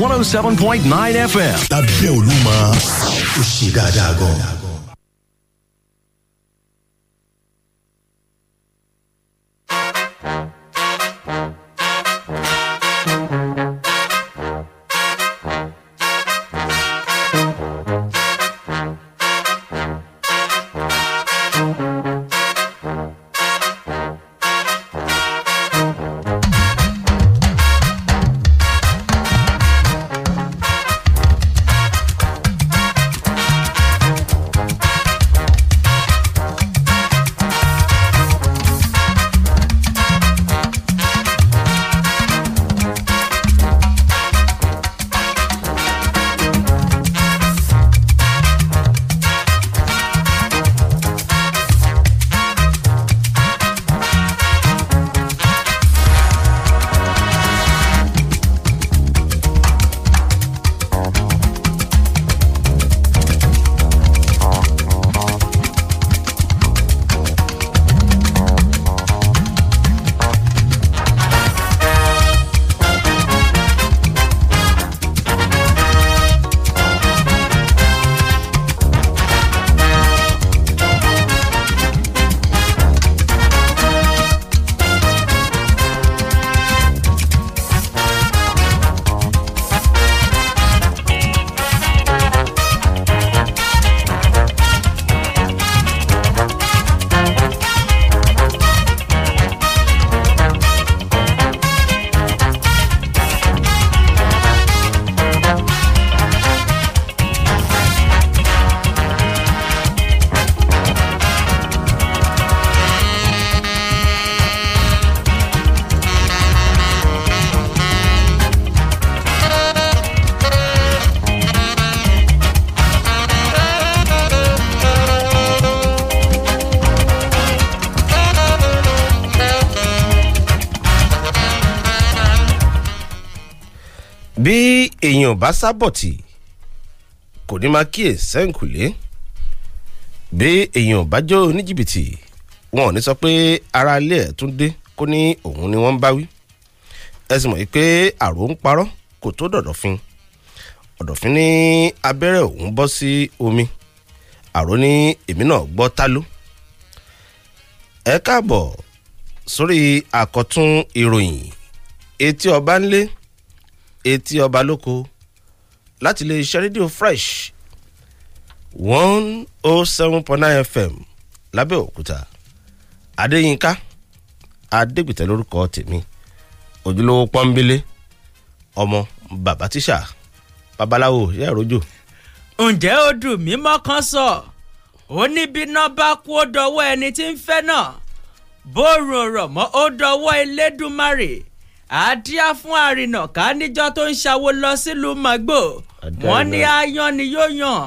107.9 FM. èèyàn bá sábọ̀tì kò ní máa kíyè sẹ́ǹkùlé bí èèyàn bá jó oníjìbìtì wọn ò ní sọ pé ara ilé ẹ̀ tún dé kó ní òun ni wọ́n ń bá wí ẹ sì mọ̀ yìí pé àrò ń parọ́ kò tó dọ̀dọ̀fin ọ̀dọ̀fin ní abẹ́rẹ́ òun bọ́ sí omi àrò ní èmi náà gbọ́ táló ẹ káàbọ̀ sórí àkọ́tún ìròyìn etí ọba ńlé etí ọba lóko láti lè ṣe rédíò fresh one oh seven point nine fm lábẹ́òkúta adéyínká adégbìtẹ́ lórúkọ tèmi ojúlówó pọ́nbélé ọmọ bàbá tíṣà babaláwo ṣe é rojo. ǹjẹ́ ó dùn mí mọ́kàn sọ ó níbi náà bá kú ó dọwọ́ ẹni tí ń fẹ́ náà bó rorò mọ́ ó dọwọ́ elédùnmarè àdíá fún àrìnà ká níjọ́ tó ń ṣàwo lọ sílùú magbo wọ́n ní ayan ni yóò yàn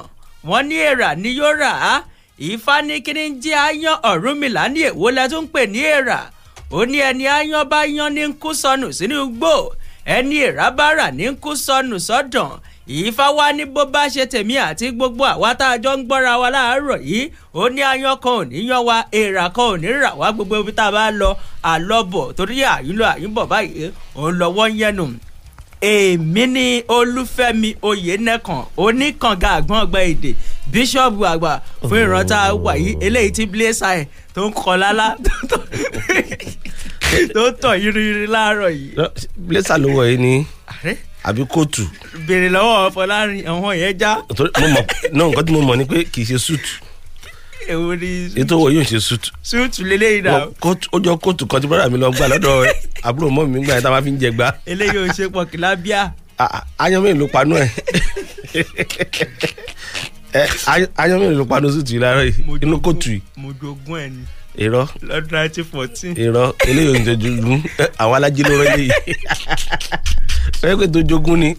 wọ́n ní èrà ni yóò rà á ìfá ní kíní jẹ́ ayan ọ̀rúnmìlà ní èwo lẹ tún ń pè ní èrà ó ní ẹni ayan bá yan ní kú sọnù sínú igbó ẹni èrà ní kú sọnù sọ́dàn. So ìfá wa ní bó bá ṣe tèmi àti gbogbo àwa tá a jọ ń gbọ́ra wa láàárọ̀ yìí ó ní ayan kan ò yan wa èèrà kan ò ní rà wá gbogbo ibi tá a bá lọ àlọ́bọ̀ torí àyínlọ àyínbọ̀ báyìí òun lọ́wọ́ ń yẹnu èmi ni olúfẹ́mi oyènẹ́kan oníkànga àgbọn ọgbà èdè bíṣọ̀bù àgbà fún ìrántá wà yìí eléyìí tí blaise ayé tó ń kọ lálá tó ń tọ̀ yiriyiri láàárọ̀ yìí. blaise ni àbí kóòtù. béèrè lọ́wọ́ fọlárin àwọn yẹn já. mo náà nǹkan tí mo mọ ni pé kì í ṣe súùtù. èwo ni. ètò owó yóò ṣe súùtù. súùtù lélẹ́yìí náà. ó jọ kóòtù kan tí brọ́dà mi lọ gbà lọ́dọ̀ àbúrò mọ́ mi gbà yẹn tá a máa fi ń jẹ gbá. eléyìí ò ṣe pọ̀ kìlábíà. ayan mẹ́rin ló panú ẹ̀ ayan ló panú súùtù yìí láàárọ̀ yìí inú kóòtù yìí. mo jogún ẹ ni irọ́ lọ́dún nineteen fourteen irọ́ eléyìí oúnjẹ jogún àwọn alájí ló rẹ́lẹ̀ yìí lọ́yẹ́ pé tó jogún ni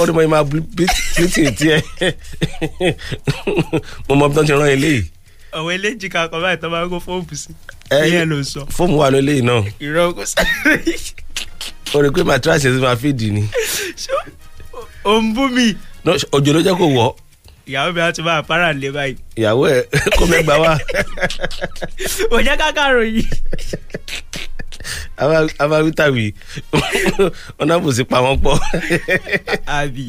ọdún mọ́ni máa bíìtì etí ẹ̀ mo mọ bí wọ́n ti rán eléyìí. ọ̀wọ́ eléjì kan kọ́ báyìí tó máa ń kó fóònù sí i ẹ̀ ló sọ. fóònù wà lóléyìí náà. irọ́ kò sáré. o rò pé màtíráàsì ẹ̀ ti máa fèdì ni. ó ń bú mi. ọjọ́ ló jẹ́ kó wọ̀ ọ́ ìyàwó mi á ti máa para lé báyìí. ìyàwó ẹ kó mẹ́gbàá wá. ò jẹ́ kákàrò yìí. abawita wi ọ̀nà bùsí pa wọ́n pọ̀. àbí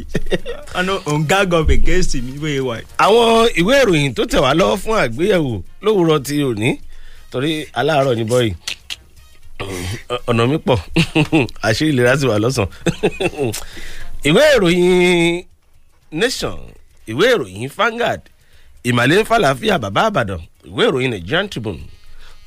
ọ̀nà òǹgàgọ̀ bèkẹ́sì mi wéé wà. àwọn ìwé ìròyìn tó tẹ̀ wá lọ́wọ́ fún àgbéyẹ̀wò lówùrọ̀ ti òní torí aláàárọ̀ ní bọ́yì ọ̀nà mi pọ̀ àṣírí ìlera sì wà lọ́sàn-án ìwé ìròyìn nation ìwé ìròyìn Vanguard ìmàlẹ́ falafíà bàbá àbàdàn ìwé ìròyìn Nigerian Tribune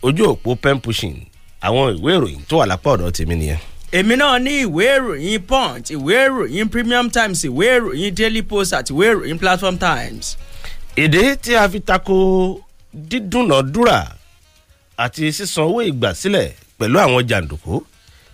ojú òpó pen pushing àwọn ìwé ìròyìn tó wà lápá ọ̀dọ̀ tèmi nìyẹn èmi náà ní ìwé ìròyìn punch ìwé ìròyìn premium times ìwé ìròyìn daily post àti ìwé ìròyìn platform times. èdè tí a fi tako dídúnàádúrà àti sísan owó ìgbàsílẹ̀ pẹ̀lú àwọn jàǹdùkú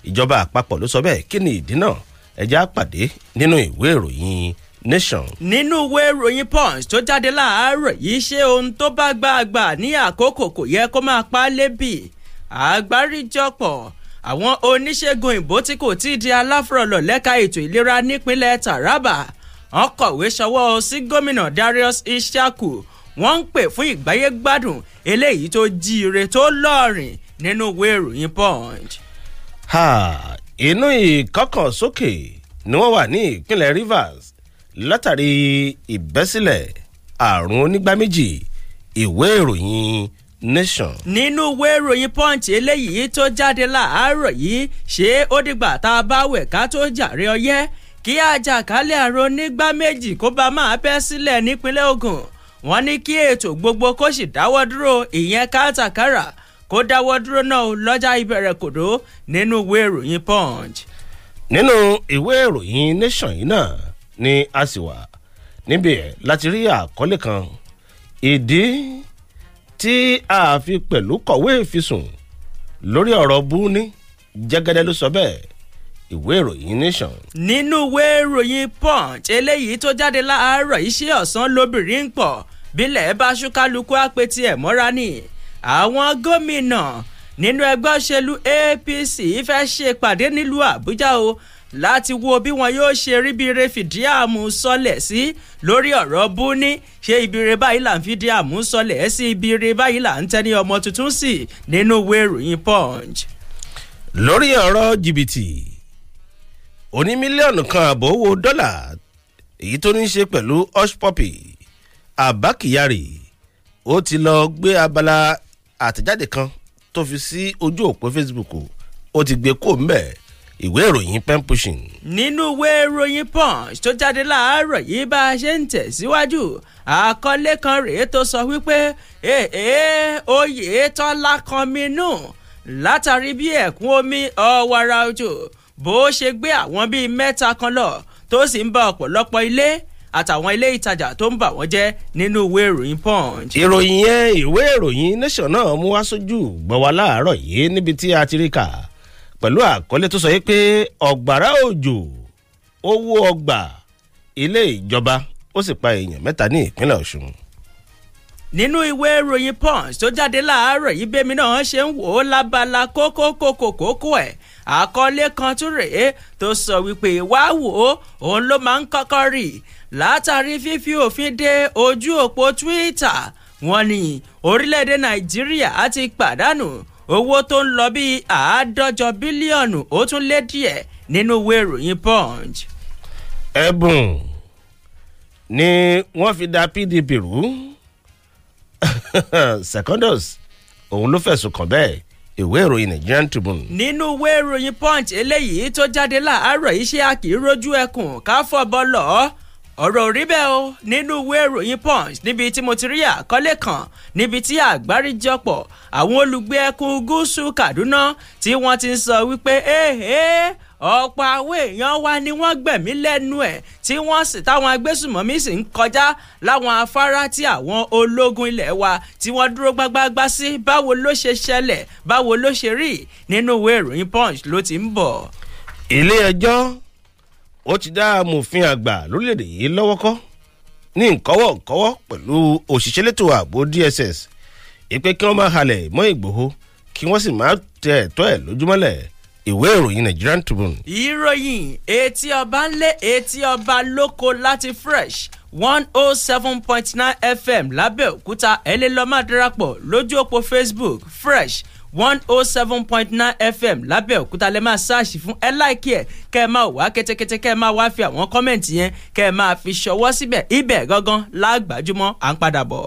ìjọba àpapọ̀ ló sọ bẹ́ẹ̀ kí ni ìdí náà ẹ já pàdé nínú ìwé ìròyìn nation. nínú ìwé ìròyìn punch tó jáde láàárọ̀ yìí ṣé ohun tó bá gba àgbà ní àkókò kò yẹ kó máa pa á lébì àgbáríjọpọ̀ àwọn oníṣègùn òyìnbó tí kò tí ì di aláfọ̀rọ̀lọ̀ lẹ́ka ètò ìlera nípínlẹ̀ taraba wọn kọ̀wé ṣọwọ́ sí gómìnà darius ishaku wọ́n ń pè fún ìgbáyégbádùn eléyìí tó jíire tó lọ́ọ̀rìn nínú ìwé ìròyìn punch. inú ìkọkànsókè ni wọ́n wà ní ìpínlẹ̀ rivers látàrí ìbẹ́sílẹ̀ àrùn onígbá méjì ìwé ìròyìn nation. nínú ìwé ìròyìn punch eléyìí tó jáde láàárọ̀ yìí ṣé ó dìgbà tá a bá wẹ̀ ká tó jàre ọyẹ́ kí àjàkálẹ̀ àrùn onígbá méjì kó bá máa bẹ́ sílẹ̀ nípínlẹ̀ Ògùn wọ́n ní kí ètò gbogbo kó sì dáwọ́ dúró ìyẹn kátàkárà kó dáwọ́ dúró náà lọ́jà ìbẹ̀rẹ̀ kòdó nínú ìwé ìròyìn punch. nínú ìwé ìròyìn nation yìí náà ní àsìwà níbẹ̀ láti rí àkọlé kan ìdí tí a fi pẹ̀lú kọ̀wé ìfisùn lórí ọ̀rọ̀ búni jẹ́gẹ́dẹ́ ló sọ bẹ́ẹ̀ ìwé ìròyìn nation. nínú ìwé ìròyìn punch eléyìí tó jáde láàárọ̀ iṣẹ́ ọ̀sán lóbìnrin ń pọ̀ bílẹ̀ bá ṣúkálukú àpètì ẹ̀ mọ́ra ni àwọn gómìnà nínú ẹgbẹ́ òṣèlú apc fẹ́ ṣe ìpàdé nílùú àbújá o láti wo bí wọn yóò ṣe rí bire fìdí àmú sọlẹ̀ sí lórí ọ̀rọ̀ búni ṣé ibire báyìí là ń fìdí àmú sọlẹ̀ sí si, ibire báyìí là ń tẹ́ni ọmọ tuntun sí nínú ìwé ìròyìn punch. lórí ọ̀rọ̀ jìbìtì oní mílíọ̀nù kan àbọ̀ owó dọ́là èyí tó ní í ṣe pẹ̀lú hush abba kyari ó ti lọ gbé abala àtẹ̀jáde kan tó fi sí ojú òpó facebook ó ti gbé kó mbẹ́ẹ̀ ìwé ìròyìn pen pushing. nínú ìwé ìròyìn punch tó jáde láàárọ̀ yìí bá a ṣe ń tẹ̀síwájú àkọlé kan rèé tó sọ wípé èèè Oyètọ́lá kan mi nù látàrí bí ẹ̀kún omi ọ̀wàrà òjò bó ṣe gbé àwọn bíi mẹ́ta kan lọ tó sì ń bá ọ̀pọ̀lọpọ̀ ilé àtàwọn ilé ìtajà tó ń bà wọ́n jẹ́ nínú ìwé ìròyìn punch. ìròyìn yẹn ìwé ìròyìn nation náà mú wá sójú gbọ́ wa láàárọ̀ yìí níbi tí a ti rí kà pẹ̀lú àkọlé tó sọ yìí pé ọ̀gbàrá òjò owó ọgbà ilé ìjọba ó sì pa èèyàn mẹ́ta ní ìpínlẹ̀ ọ̀ṣun nínú ìwé ìròyìn punch tó jáde láàárọ̀ yìí bẹ́mi náà ṣe ń wò ó lábala kókó ẹ̀ àkọlé kan tún rèé tó sọ wípé wá wò ó òun ló máa ń kọ́kọ́ rì látàrí fífi òfin de ojú òpó twitter wọ́n ní orílẹ̀-èdè nàìjíríà ti pàdánù owó tó ń lọ bíi àádọ́jọ bílíọ̀nù ó tún lé díẹ̀ nínú ìwé ìròyìn punch. ẹ̀bùn ni wọ́n fi da pdp rú secondus òun ló fẹ̀sùn kàn bẹ́ẹ̀ ìwé ìròyìn nigerian tribune. nínú ìwé ìròyìn punch eléyìí tó jáde láàárọ̀ iṣẹ́ àkìrójú ẹkùn káfọ́ bọ́ lọ́ọ́ ọ̀rọ̀ rí bẹ́ẹ̀ o nínú ìwé ìròyìn punch níbi tí mo ti rí àkọlé kan níbi tí àgbáríjọpọ̀ àwọn olùgbé ẹkùn gúúsù Kaduna tí wọ́n ti ń sọ wípé ẹ̀ẹ́ ọ̀pọ̀ àwọn èèyàn wa ni wọ́n gbẹ̀mí lẹ́nu ẹ̀ tí wọ́n sì táwọn agbésùmọ̀mí sì ń kọjá láwọn afárá tí àwọn ológun ilẹ̀ wa tí wọ́n dúró gbágbágbá sí báwo ló ṣe ṣẹlẹ̀ báwo ló ṣe rí nínú ìwé ìròyìn punch ló ti ń bọ̀. ilé ẹjọ́ ó ti dá amòfin àgbà lórílẹ̀ yìí lọ́wọ́ kọ́ ní nkọ́wọ́nkọ́wọ́ pẹ̀lú òṣìṣẹ́ lẹ́tọ̀ ààbò DSS ìpè kí wọ́n máa halẹ̀ mọ́ Ìgbòho kí wọ́n sì máa tẹ ẹ̀tọ́ ẹ̀ lójúmọ́lẹ̀ ìwé ìròyìn Nigerian Tribune. ìròyìn etí ọba ń lé etí ọba lóko láti fresh one oh seven point nine fm lábẹ́òkúta ẹ lè lọ́ọ́ máa darapọ̀ lójú òpó Facebook fresh one oh seven point nine fm lábẹ́òkúta lẹ́ máa ṣáàṣì fún ẹ láìkí ẹ̀ kẹ́ ẹ máa wá kẹ́tẹ́kẹ́tẹ́ kẹ́ ẹ máa wá fi àwọn kọ́mẹ̀ntì yẹn kẹ́ ẹ máa fi ṣọwọ́ síbẹ̀ ibẹ̀ gangan lágbàjúmọ́ à ń padà bọ̀.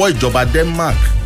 ọwọ́ ìjọba Denmark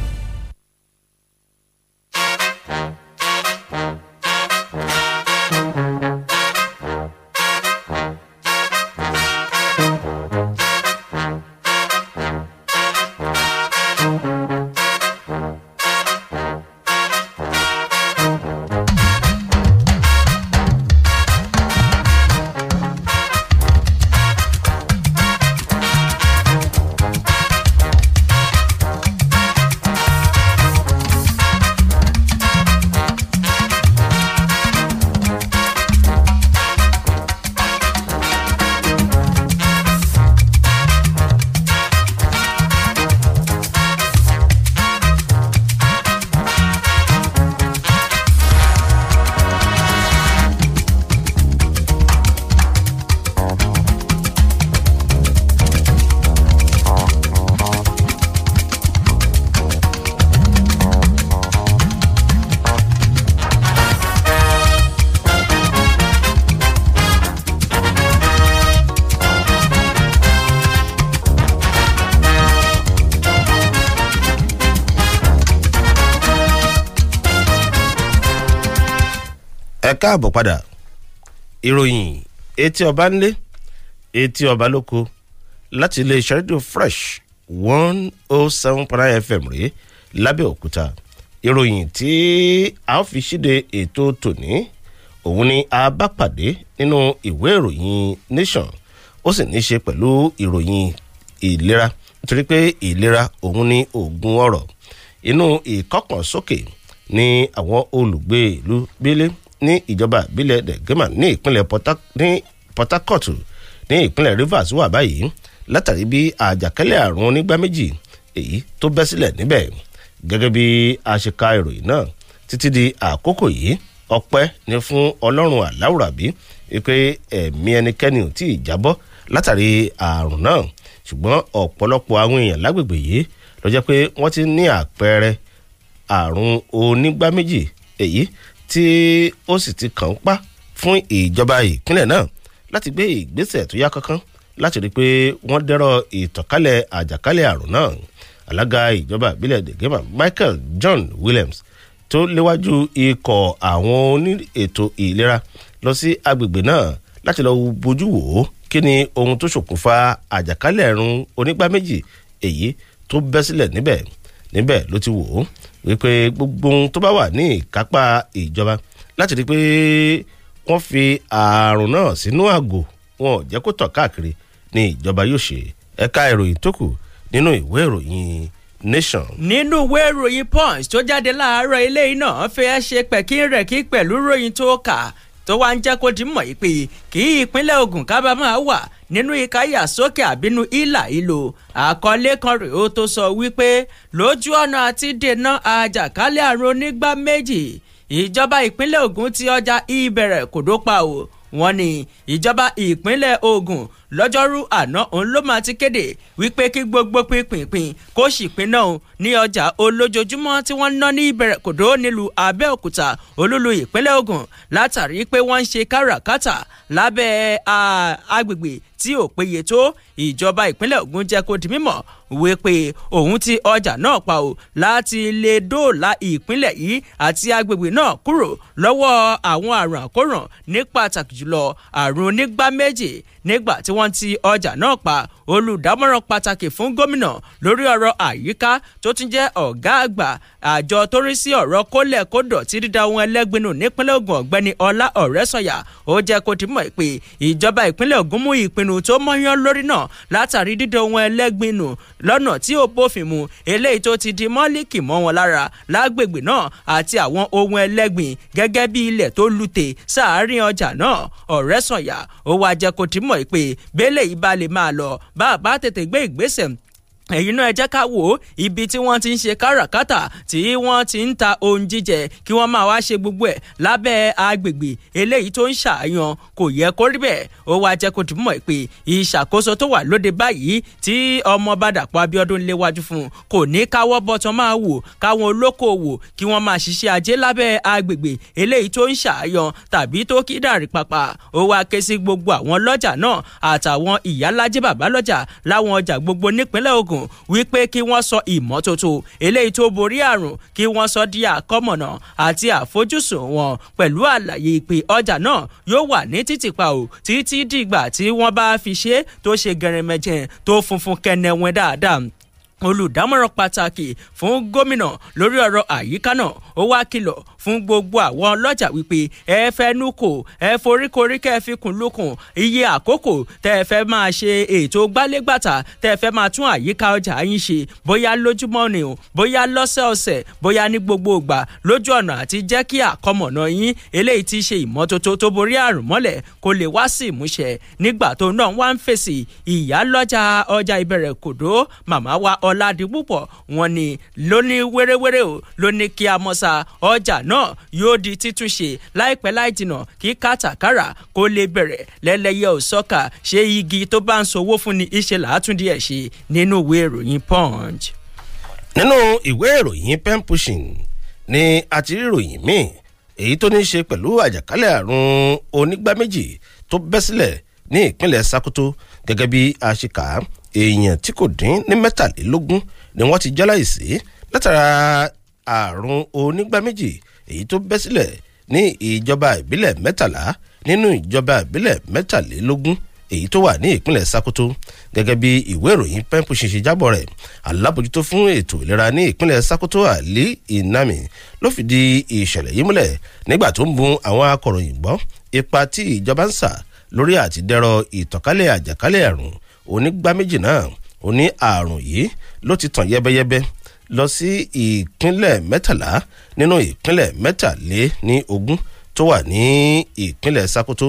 káàbọ̀ padà ìròyìn etí ọba ńlé etí ọba lóko láti iléeṣẹ́ rédíò fresh one oh seven point nine fm rèé lábẹ́òkúta ìròyìn tí a ó fi ṣíde ètò tòní òun ni a bá pàdé nínú ìwé ìròyìn nation ó sì ní í ṣe pẹ̀lú ìròyìn ìlera nítorí pé ìlera òun ni oògùn ọrọ̀ inú ìkọkànsókè ni àwọn olùgbé ìlú gbélé ní ìjọba ìbílẹ̀ dẹ̀gẹ́mà ní ìpínlẹ̀ Port Harcourt ní ìpínlẹ̀ Rivers wà báyìí látàrí bí àjàkálẹ̀ àrùn onígbá méjì èyí tó bẹ́ sílẹ̀ níbẹ̀ gẹ́gẹ́ bí a ṣe ka ìròyìn náà títí di àkókò yìí ọpẹ́ ni fún Ọlọ́run aláwùrábí pé ẹ̀mí ẹnikẹ́ni ò tí ì jábọ́ látàrí àrùn náà ṣùgbọ́n ọ̀pọ̀lọpọ̀ àwọn èèyàn lágbègbè yìí ló jẹ́ pé wọ́n ti ní àpẹẹrẹ àrùn onígbá méjì èyí tí ó sì ti kàn ń pa fún ìjọba ìpínlẹ̀ náà láti gbé ìgbésẹ̀ tó yá kankan láti rí i pé wọ́n dẹ́rọ̀ ìtànkálẹ̀ àjàkálẹ̀ àrùn náà alága ìjọba ìbílẹ̀ dègémà Michael John Williams tó léwájú ikọ̀ àwọn oní ètò ìlera lọ sí agbègbè náà láti lọ bójú wò ó kí ni ohun tó ṣokùnfà àjàkálẹ̀ ẹ̀rùn onígbá méjì èyí tó bẹ́ sílẹ̀ níbẹ̀ níbẹ̀ ló ti wò ó wípé gbogbo ohun tó bá wà ní ìkápá ìjọba láti rí i pé wọ́n fi ààrùn náà sínú àgò wọn ò jẹ́ kó tàn káàkiri ni ìjọba yóò ṣe ẹ̀ka ìròyìn tó kù nínú ìwé ìròyìn nation. nínú ìwé ìròyìn punch tó jáde láàárọ̀ eléyìí náà fẹ́ ṣe pẹ̀kínrẹ̀kí pẹ̀lú ròyìn tó kà tó wá ń jẹ́ kó di mọ̀ yìí pé kí ìpínlẹ̀ Ògùn kábàámọ̀ wà nínú ìkáyà sókè àbínú ìlà ìlò àkọlé kan rèé ó tó sọ wípé lójú ọ̀nà àti dènà àjàkálẹ̀ àrùn onígbà méjì ìjọba ìpínlẹ̀ Ògùn ti ọjà ìbẹ̀rẹ̀ kò dópa o wọ́n ní ìjọba ìpínlẹ̀ Ògùn lọ́jọ́rú àná òun ló máa ti kéde wípé kí gbogbo pínpín kó sì pín náà ní ọjà olójoojúmọ́ tí wọ́n ń ná ní ìbẹ̀rẹ̀kòdó nílùú Abẹ́òkúta olúlu ìpínlẹ̀ Ògùn látàrí pé wọ́n ń ṣe káràkátà lábẹ́ agbègbè tí ò péye tó ìjọba ìpínlẹ̀ Ògùn jẹ́ kó di mímọ̀ wípé òun ti ọjà náà pa ò láti lè dóòlà ìpínlẹ̀ yìí àti agbègbè náà kúrò lọ́wọ́ àwọn àrùn àkóràn ní pàtàkì jùlọ àrùn onígbá méjì nígbà tí wọ́n ti ọjà náà pa olùdámọ̀ràn pàtàkì fún gómìnà lórí ọ̀rọ̀ àyíká tó tún jẹ́ ọ̀gá àgbà àjọ tó rí sí ọ̀rọ̀ kólẹ̀ kódọ̀ tí dídá ohun ẹlẹ́gbinú nípínlẹ̀ Ògùn ọ̀gbẹ́ni Ọlá Ọ̀rẹ́sọ̀yà ó jẹ́ kó ti mọ̀ pé ìjọba ìpínlẹ̀ Ògùn mú ìpinnu tó mọ́yán lórí náà látàrí dídá ohun ẹlẹ́gbinú lọ́nà tí ó bófin mu eléyìí tó ti di mọ́líkì mọ́ wọn lára lágbègbè náà àti àwọn ohun ẹlẹ́gbin gẹ́gẹ́ bí ilẹ̀ tó lute sáàárín ọjà náà Ọ̀rẹ́sọ̀yà ó wá jẹ́ kó ti mọ̀ mọ̀ pé bẹ́lẹ̀ yìí bá lè máa lọ bá a bá tètè gbé ìgbésẹ̀ ẹ̀yin náà ẹ jẹ́ ká wò ó ibi tí wọ́n ti ń ṣe káràkátà tí wọ́n ti ń ta ohun jíjẹ kí wọ́n máa wá ṣe gbogbo ẹ̀ lábẹ́ agbègbè eléyìí tó ń ṣàyàn kò yẹ kó rí bẹ́ẹ̀ ó wáá jẹ́ kó dùn mọ́ ẹ pé ìṣàkóso tó wà lóde báyìí tí ọmọọba Dàpọ̀ Abíọ́dún léwájú fún kò ní káwọ́ bọ́tán máa wò káwọn olókoòwò kí wọ́n máa ṣiṣẹ́ ajé lábẹ́ agbègbè eléyìí tó ń ṣàyàn tàbí tó kí dàrí papà ó wáá ké sí gbogbo àwọn lọ́jà náà àtàwọn atẹ́gùn wípé kí wọ́n sọ ìmọ́tótó eléyìí tó borí àrùn kí wọ́n sọ di àkọ́mọ̀nà àti àfojúsùn wọn pẹ̀lú àlàyé pé ọjà náà yóò wà ní títìpa o títí dìgbà tí wọ́n bá fi ṣe tó ṣe gẹrẹmẹjẹ tó funfun kẹnẹwẹ dáadáa olùdámọ̀ràn pàtàkì fún gómìnà lórí ọ̀rọ̀ àyíká náà ó wá kìlọ̀ fún gbogbo àwọn ọlọ́jà wípé ẹ fẹ́ nú kò ẹ foríkorí kẹ́ ẹ fi kùn lókun iye àkókò tẹ́ ẹ fẹ́ máa ṣe ètò gbálégbàtà tẹ́ ẹ fẹ́ máa tún àyíká ọjà yín ṣe bóyá lójúmọ́ ni o bóyá lọ́sẹ̀ọ̀sẹ̀ bóyá ní gbogbo ìgbà lójú ọ̀nà àti jẹ́ kí àkọmọ̀nà yín eléyìí ti ṣe ìmọ́tótó tó borí àrùn mọ́lẹ̀ kó lè wá sí ìmúṣẹ nígbà tó náà wá ń fèsì ìyálọ́jà ọjà ìbẹ̀rẹ̀ kòdó wa ọ̀làdìpúpọ̀ wọ́n ní lóní wéréwéré o lóní kí a mọ́sá ọjà náà yóò di títúnṣe láìpẹ́ láìjìnà kí kátàkárà kó lè bẹ̀rẹ̀ lẹ́lẹ́yẹ òsọ́kà ṣé igi tó bá ń sowó fún ni iṣẹ́ làátúndì ẹ̀ ṣe nínú ìwé ìròyìn punch. nínú ìwé ìròyìn pen pushing ni a ti rí ìròyìn míì èyí tó ní í ṣe pẹ̀lú àjàkálẹ̀ àrùn onígbáméjì tó bẹ́ sílẹ̀ ní ìpínlẹ̀ sakoto gẹ́gẹ́ bí a ṣe kà á èèyàn tí kò dín ní mẹ́tàlélógún ni wọ́n ti jáláìsí látara àrùn onígbà méjì èyí tó bẹ́ sílẹ̀ ní ìjọba ìbílẹ̀ mẹ́tàlá nínú ìjọba ìbílẹ̀ mẹ́tàlélógún èyí tó wà ní ìpínlẹ̀ sakoto gẹ́gẹ́ bí ìwé ìròyìn pẹ́ńpù ṣinṣin jábọ̀ rẹ̀ alábòjútó fún ètò ìlera ní ìpínlẹ̀ sakoto ali inami ló fìdí ìṣẹ̀lẹ̀ yìí múlẹ̀ nígbà tó ń bun àwọn akọ̀ròyìn gbọ́ ipa tí ìjọba ń sà lórí àtidẹ́rọ ìtànkálẹ̀ àjàkálẹ̀ àrùn onígbá méjì náà ó ní àrùn yìí ló ti tàn yẹbẹyẹbẹ lọ sí ìpínlẹ̀ mẹ́tàlá nínú ìpínlẹ̀ mẹ́tàlé ní ogún tó wà ní ìpínlẹ̀ Sokoto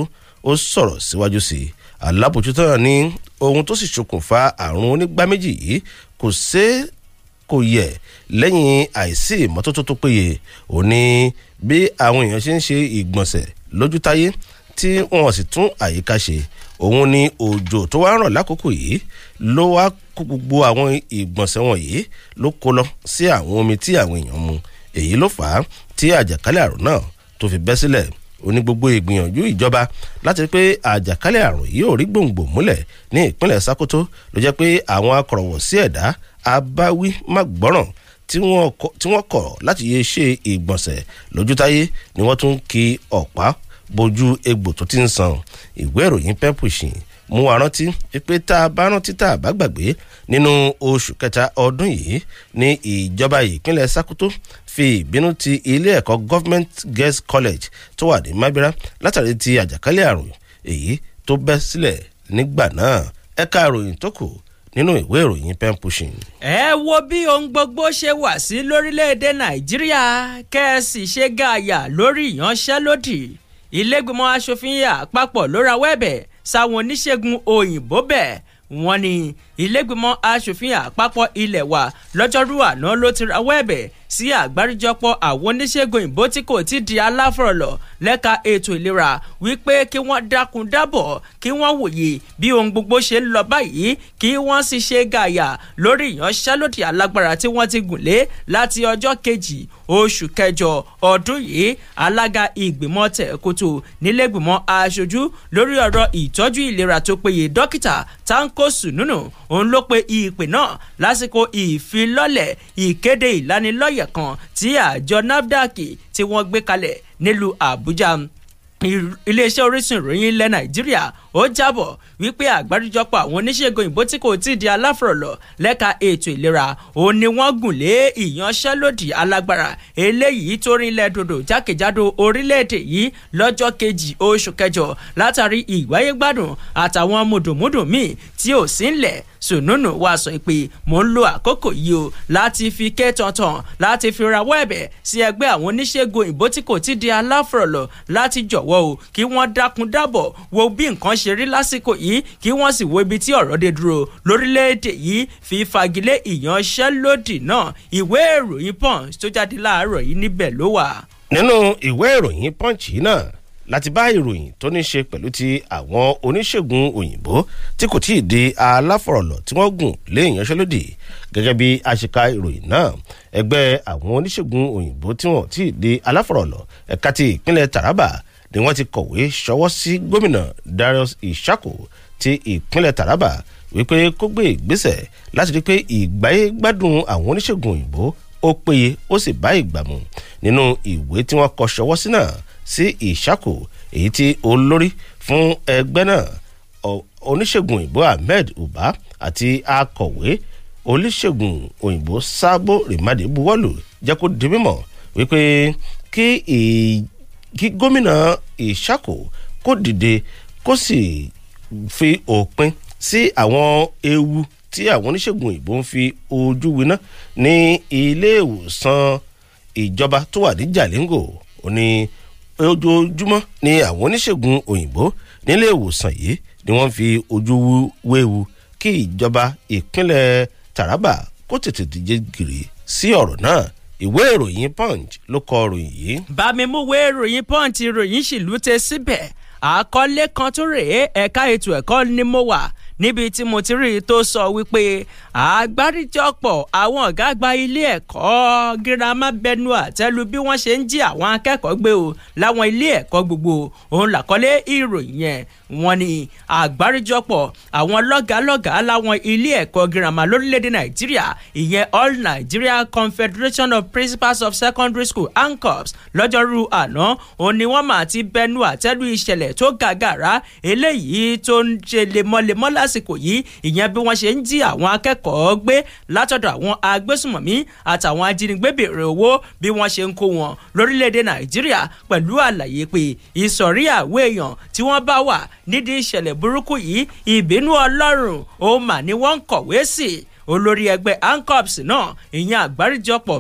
ó sọ̀rọ̀ síwájú sí i alábòjútó náà ní ohun tó sì ṣokùnfà àrùn onígbá méjì yìí kò ṣeé kò yẹ lẹ́yìn àìsí ìmọ́tótó tó péye ò ní bí àwọn èèyàn ṣe ń ṣe ìgbọ̀nsẹ̀ lójútáyé tí wọn sì tún àyíká ṣe òun ni òjò tó wá ràn lákòókò yìí ló wá kó gbogbo àwọn ìgbọ̀nsẹ̀ wọ̀nyí ló kó lọ sí àwọn omi tí àwọn èèyàn mu èyí ló fà á tí àjàkálẹ̀ àrùn náà tó fi bẹ́ sílẹ̀ ó ní gbogbo ìgbìyànjú ìjọba láti pé àjàkálẹ̀ àrùn yìí ò rí gbòǹgbò múlẹ̀ ní ìpínlẹ̀ Sokoto ló jẹ́ pé àwọn akọ̀rọ̀wọ̀sí ẹ̀dá abáwí má tí wọ́n kọ̀ láti yẹ ṣe ìgbọ̀nsẹ̀ lójútáyé ni wọ́n tún ki ọ̀pá bojú egbò tó ti ń san ìwé ìròyìn pepsi mú wa rántí pé tá a bá rántí tá a bá gbàgbé nínú oṣù kẹta ọdún yìí ní ìjọba ìpínlẹ̀ sakoto fi ìbínú ti ilé ẹ̀kọ́ government girls college tó wà ní mabira látàrí ti àjàkálẹ̀ àrùn èyí tó bẹ́ sílẹ̀ nígbà náà ẹ̀ka ìròyìn tó kù nínú ìwé ìròyìn pen pushing. ẹ wo bí ohun gbogbo ṣe wà sí lórílẹ̀‐èdè nàìjíríà kẹ́ ẹ sì ṣe gààyà lórí ìyanṣẹ́lódì ilégbèmọ̀ asòfin àpapọ̀ ló rawọ́ ẹ̀bẹ̀ sáwọn oníṣègùn òyìnbó bẹ̀ wọ́n ní ilégbèmọ̀ asòfin àpapọ̀ ilẹ̀ wa lọ́jọ́rú àná ló ti rawọ́ ẹ̀bẹ̀ sí àgbáríjọpọ̀ àwọn oníṣègùn òyìnbó tí kò ti di aláfọ̀rọ̀lọ̀ lẹ́ka ètò ìlera wípé kí wọ́n dákun dábọ̀ kí wọ́n wòye bí ohun gbogbo ṣe ń lọ báyìí kí wọ́n sì ṣe gàyà lórí ìyanṣẹ́lódì alágbára tí wọ́n ti gùn lé láti ọjọ́ kejì oṣù kẹjọ ọdún yìí alága ìgbìmọ̀ tẹ̀kótó nílẹ̀gbìmọ̀ aṣojú lórí ọ̀rọ̀ ìtọ́jú ìlera tó péye dókítà Tanko Sununu òun ló pe ìpè náà lásìkò ìfilọ́lẹ̀ ìkéde ìlanilọ́yẹ̀ kan tí àjọ nafdac tí wọ́n gbé kalẹ̀ nílùú àbújá iléeṣẹ́ orísun ìròyìn ilẹ̀ nàìjíríà ó jábọ̀ wípé àgbáríjọpọ̀ àwọn oníṣègùn òyìnbó tí kò tí ì di aláfọ̀rọ̀lọ̀ lẹ́ka ètò ìlera òun ni wọ́n gùn lé ìyanṣẹ́lódì alágbára eléyìí tó rinlẹ̀ dòdò jákèjádò orílẹ̀-èdè yìí lọ́jọ́ kejì oṣù kẹjọ látàrí ìwáyégbádùn àtàwọn mùdùnmùdùn míì tí ò sí ńlẹ̀ sùnúnù wa sọ pé mò ń lo àkókò yìí o láti fi ké tọ̀ntàn láti fi rawọ́ ẹ̀bẹ̀ sí ẹgbẹ́ àwọn oníṣègùn òyìnbó tí kò tí di aláfọ̀rọ̀lọ̀ láti jọ̀wọ́ o kí wọ́n dákun dábọ̀ wo bí nǹkan ṣ ṣe rí lásìkò yìí kí wọ́n sì wo ibi tí ọ̀rọ̀ dé dúró lórílẹ̀‐èdè yìí fi fagilé ìyanṣẹ́lódì náà ìwé ìròyìn punch tó jáde láàárọ̀ yìí níbẹ̀ ló wà. nínú ìwé ìròyìn punch náà láti bá ìròyìn tó ní ṣe pẹ̀lú ti àwọn oníṣègùn òyìnbó tí kò tíì di aláfọ̀rọ̀lọ̀ tí wọ́n gùn lé ìyanṣẹ́lódì gẹ́gẹ́ bí àṣekà ìròyìn náà ẹgbẹ́ àwọn oníṣègùn òyìnbó tí wọ́n tíì di aláfọ̀rọ̀lọ̀ ẹ̀ka ti ìpínlẹ̀ Taraba ni wọ́n ti kọ̀wé ṣọwọ́ sí gómìnà Darius Ishaku ti ìpínlẹ̀ Taraba wípé kó gbé ìgbésẹ̀ láti rí pé ìgbáyé gbádùn àwọn oníṣègùn òyìnbó ó péye ó sì bá ìgbà mu nínú ìwé tí wọ́n kọ ṣọwọ́ sí náà sí Ishaku èyí tí olórí fún ẹgbẹ́ náà oníṣègùn òyìnbó Ahmed Uba àti akọ̀wé oníṣègùn òyìnbó Sábò Rìmádé buwọ́lù jẹ́ kó di mímọ̀ wípé kí kí gómìnà ìṣàkó kó dìde kó sì fi òpin sí àwọn ewu tí àwọn oníṣègùn ìbò ń fi ojú winá ní ilé ìwòsàn ìjọba tó wà ní Jalingo ó ní ojoojúmọ́ ni àwọn oníṣègùn òyìnbó nílé ìwòsàn yìí ni wọ́n fi ojú wéwu kí ìjọba ìpínlẹ̀ Taraba kó tètè díje gìrì sí ọ̀rọ̀ náà ìwé ìròyìn punch ló kọ ròyìn yìí. bámi mú ìwé ìròyìn punch ìròyìn ṣìlú tẹ síbẹ̀ àkọlé kan tó rèé ẹ̀ka ètò ẹ̀kọ́ ni mo wà níbi tí mo ti rí i tó sọ wípé àgbáríjọpọ̀ àwọn ọ̀gá àgbà ilé ẹ̀kọ́ girama bẹnu àtẹ́lu bí wọ́n ṣe ń jí àwọn akẹ́kọ̀ọ́ gbé o láwọn ilé ẹ̀kọ́ gbogbo òun làkọ́lé ìròyìn yẹn wọ́n ní àgbáríjọpọ̀ àwọn lọ́gàálọ́gàá láwọn ilé ẹ̀kọ́ girama lórílẹ̀‐èdè nàìjíríà ìyẹn all nigeria confederation of principals of secondary school ancops lọ́jọ́rú àná òun ni wọ́n máa ti bẹnu àtẹ́lu ìṣẹ̀lẹ̀ tó gàgàrà eléyìí tó ń ṣe lemọ́lemọ́lá lásìkò yìí ìyẹn bí wọ́n ṣe ń jí àwọn akẹ́kọ̀ọ́ gbé látọ̀dọ̀ àwọn agbésùmọ̀mí àtàwọn ajínigbé béèrè owó bí wọ́n ṣe ń kó wọn lórílẹ̀ nàìjíríà pẹ̀lú àlàyé pé ìsọ̀rí àwọ̀ èèyàn tí wọ́n bá wà nídìí ìṣẹ̀lẹ̀ burúkú yìí ìbínú ọlọ́run ó mà ní wọ́n ń kọ̀wé sí olórí ẹgbẹ́ ancops náà ìyẹn àgbáríjọpọ̀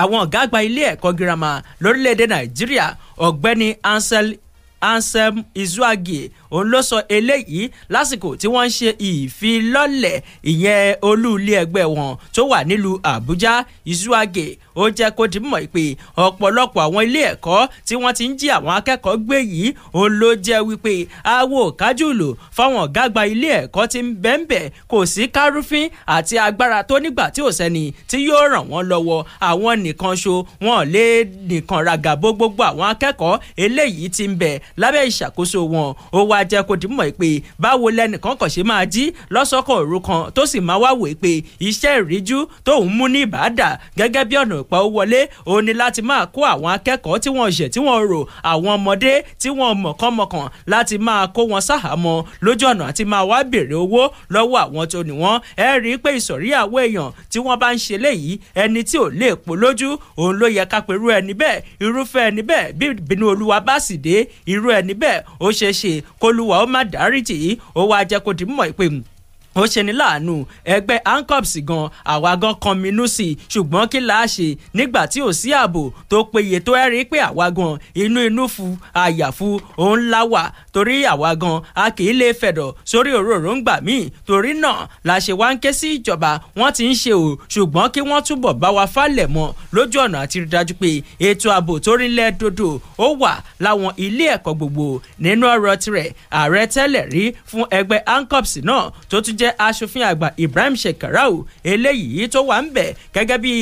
àwọn ọ̀gá àgbà ilé ẹ̀kọ́ girama lórílẹ̀ nàìjíríà ọ̀gbẹ́ni ansel izuagi òun ló sọ eléyìí lásìkò tí wọ́n ń ṣe ìfilọ́lẹ̀ ìyẹn olú ilé ẹgbẹ́ wọn tó wà nílùú àbújá ìṣúàgè ó jẹ́ kó di mọ̀ pé ọ̀pọ̀lọpọ̀ àwọn ilé ẹ̀kọ́ tí wọ́n ti ń jí àwọn akẹ́kọ̀ọ́ gbé yìí òun ló jẹ́ wípé awo kájùlù fáwọn ọ̀gágba ilé ẹ̀kọ́ ti ń bẹ́ńbẹ̀ kò sí kárúfín àti agbára tó nígbà tí ò sẹ́ni tí yóò ràn wọ́n lọ́wọ́ àwọn nìkan ṣo wọn lè nìkan ragàbó gbogbo àwọn akẹ́kọ̀ọ́ eléyìí ti ń bẹ lábẹ́ ìṣàkóso wọn ó wá máa jẹ́ kó dìímọ̀ pé báwo lẹ́nìkan kàn ṣe máa jí lọ́sọ̀kan òru kan tó sì máa wá wò pé iṣẹ́ ìríjú tóun mú ní ìbàdà gẹ́gẹ́ bí ọ̀nà ìpa owó wọlé òun ni láti máa kó àwọn akẹ́kọ̀ọ́ tí wọ́n yẹ̀ tí wọ́n rò àwọn ọmọdé tí wọ́n mọ̀kànmọ̀kàn láti máa kó wọn sáhàmọ́ lójú ọ̀nà àti máa wá béèrè owó lọ́wọ́ àwọn tó ní wọ́n ẹ rí i pé ìsọ̀rí àwọn èèyàn tí wọ́n bá ń ṣe léyìí ẹni tí ò lè pò lójú òun ló yẹ ká pẹ̀rú ẹni bẹ́ẹ̀ irúfẹ́ ẹni bẹ́ẹ̀ bí ìbínú olúwa bá sì dé irú ẹni bẹ́ẹ̀ ó ṣeé ṣe kó olúwa ó má dáríjì ó wàá jẹ́ kó di mímọ̀ ìpè ó ṣe ní láàánú ẹgbẹ́ ancops gan àwa gan kọminú sí i ṣùgbọ́n kí la ṣe nígbà tí ò sí ààbò tó péye tó ẹ̀rí pé àwa gan inú inú fu àyàfu òun la torí àwa gan a kì í lè fẹ̀dọ̀ sórí òróró ń gbà míì torí náà la ṣe wá ń ké sí ìjọba wọ́n ti ń ṣe o ṣùgbọ́n kí wọ́n túbọ̀ bá wa falẹ̀ mọ́ lójú ọ̀nà àti rí dájú pé ètò ààbò tó rinlẹ̀ dodo ó wà láwọn ilé ẹ̀kọ́ gbogbo nínú ọ̀rọ̀ tirẹ̀ ààrẹ tẹ́lẹ̀ rí fún ẹgbẹ́ ancops náà tó tún jẹ́ aṣòfin àgbà Ibrahim Shekarau eléyìí tó wà ń bẹ̀ gẹ́gẹ́ bí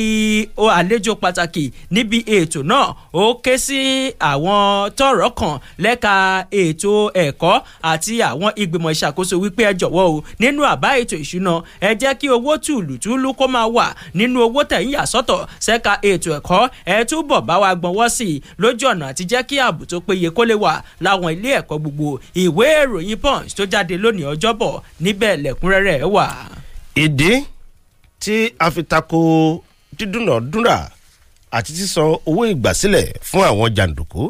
àlejò pàtàkì níbi ètò náà ó ké sí àwọn tọ́rọ̀ kàn lẹ́ka ètò ẹ̀kọ́ àti àwọn ìgbìmọ̀ ìṣàkóso wípé ẹ jọ̀wọ́ o nínú àbá ètò ìṣúná ẹ jẹ́ kí owó tùlùtùlù kó máa wà nínú owó tẹ̀yìn àsọ̀tọ̀ ṣẹ́ka ètò ẹ̀kọ́ ẹ túbọ̀ bá wa gbọ́nwọ́ sí i lójú ọ̀nà àti jẹ́ kí ààbò tó péye kó lè wà láwọn ilé ẹ̀kọ́ gbogbo ìwé ìròyìn punch tó jáde lónìí ọjọ́bọ̀ níbẹ̀ lẹ̀kúnrẹ́rẹ́ wà. ìdí tí a fi tako dídúnàdúnrà àti sísan owó ìgbàsílẹ̀ fún àwọn jàǹdùkú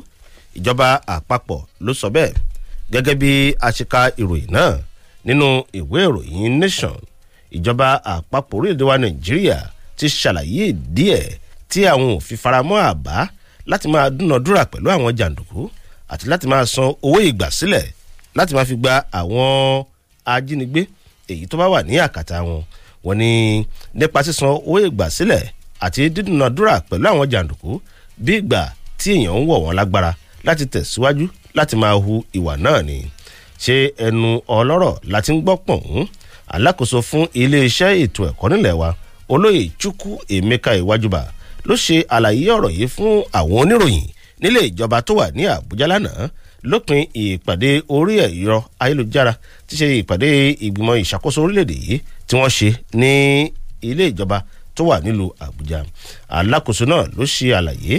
ìjọba àpapọ̀ ló sọ bẹ́ẹ̀ gẹ́gẹ́ bí a ṣe ka ìròyìn náà nínú ìwé ìròyìn nation ìjọba àpapọ̀ orílẹ̀-èdè wa nàìjíríà ti ṣàlàyé díẹ̀ tí àwọn òfin faramọ́ àbá láti máa dúnàdúrà pẹ̀lú àwọn jàǹdùkú àti láti máa san owó ìgbàsílẹ̀ láti máa fi gba àwọn ajínigbé èyí tó bá wà ní àkàtà wọn wọ́n ní nípa sísan owó ìgbàsílẹ̀ àti dídúnàdúrà pẹ̀lú àwọn jàǹdùkú bí ìgbà tí èèyàn ń wọ̀ wọ́n lágbára láti tẹ̀síwájú láti máa hu ìwà náà ni ṣé ẹnu ọlọ́rọ̀ láti ń gbọ́ pọ̀n alákòóso fún iléeṣẹ́ ètò ẹ̀kọ́ nílẹ̀ wa olóyè chukwu emeka iwájúbà ló ṣe àlàyé ọ̀rọ̀ yìí fún àwọn oníròyìn nílé ìjọba tó wà ní àbújá lánàá lópin ìpàdé orí ẹ̀rọ ayélujára ti ṣe ìpàdé ìgbìmọ̀ ìṣàkóso orílẹ̀-èdè yìí tí wọ́n ṣe ní ilé ìjọba tó wà nílùú àbújá alákòóso náà ló ṣe àlàyé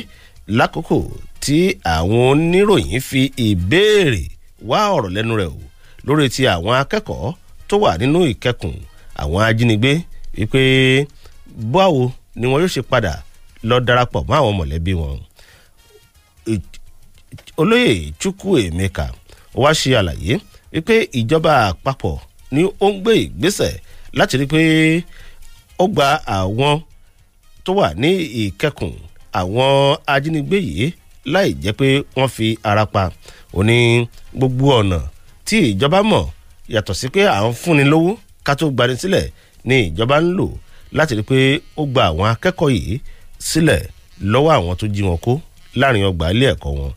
lákòókò tí àwọn oníròyìn fi ìbéèrè wá ọ̀rọ̀ lẹ́nu rẹ̀ o lórí ti àwọn akẹ́kọ̀ọ́ tó wà nínú ìkẹkùn àwọn ajínigbé wípé báwo ni wọn yóò ṣe padà lọ darapọ̀ mọ́ àwọn mọ̀lẹ́bí wọn. olóyè Chukwuemeka wá ṣe àlàyé wípé ìjọba àpapọ̀ ni ó ń gbé ìgbésẹ̀ láti rí i pé ó gba àwọn tó wà ní ìkẹkùn àwọn ajínigbé yìí láì jẹ́ pé wọ́n fi ara pa ó ní gbogbo ọ̀nà tí ìjọba mọ̀ yàtọ̀ sí pé à ń fúnni lówó ká tó gbani sílẹ̀ ni ìjọba ń lò láti rí pé ó gba àwọn akẹ́kọ̀ọ́ yìí sílẹ̀ lọ́wọ́ àwọn tó jí wọn kó láàrin ọgbà ilé ẹ̀kọ́ wọn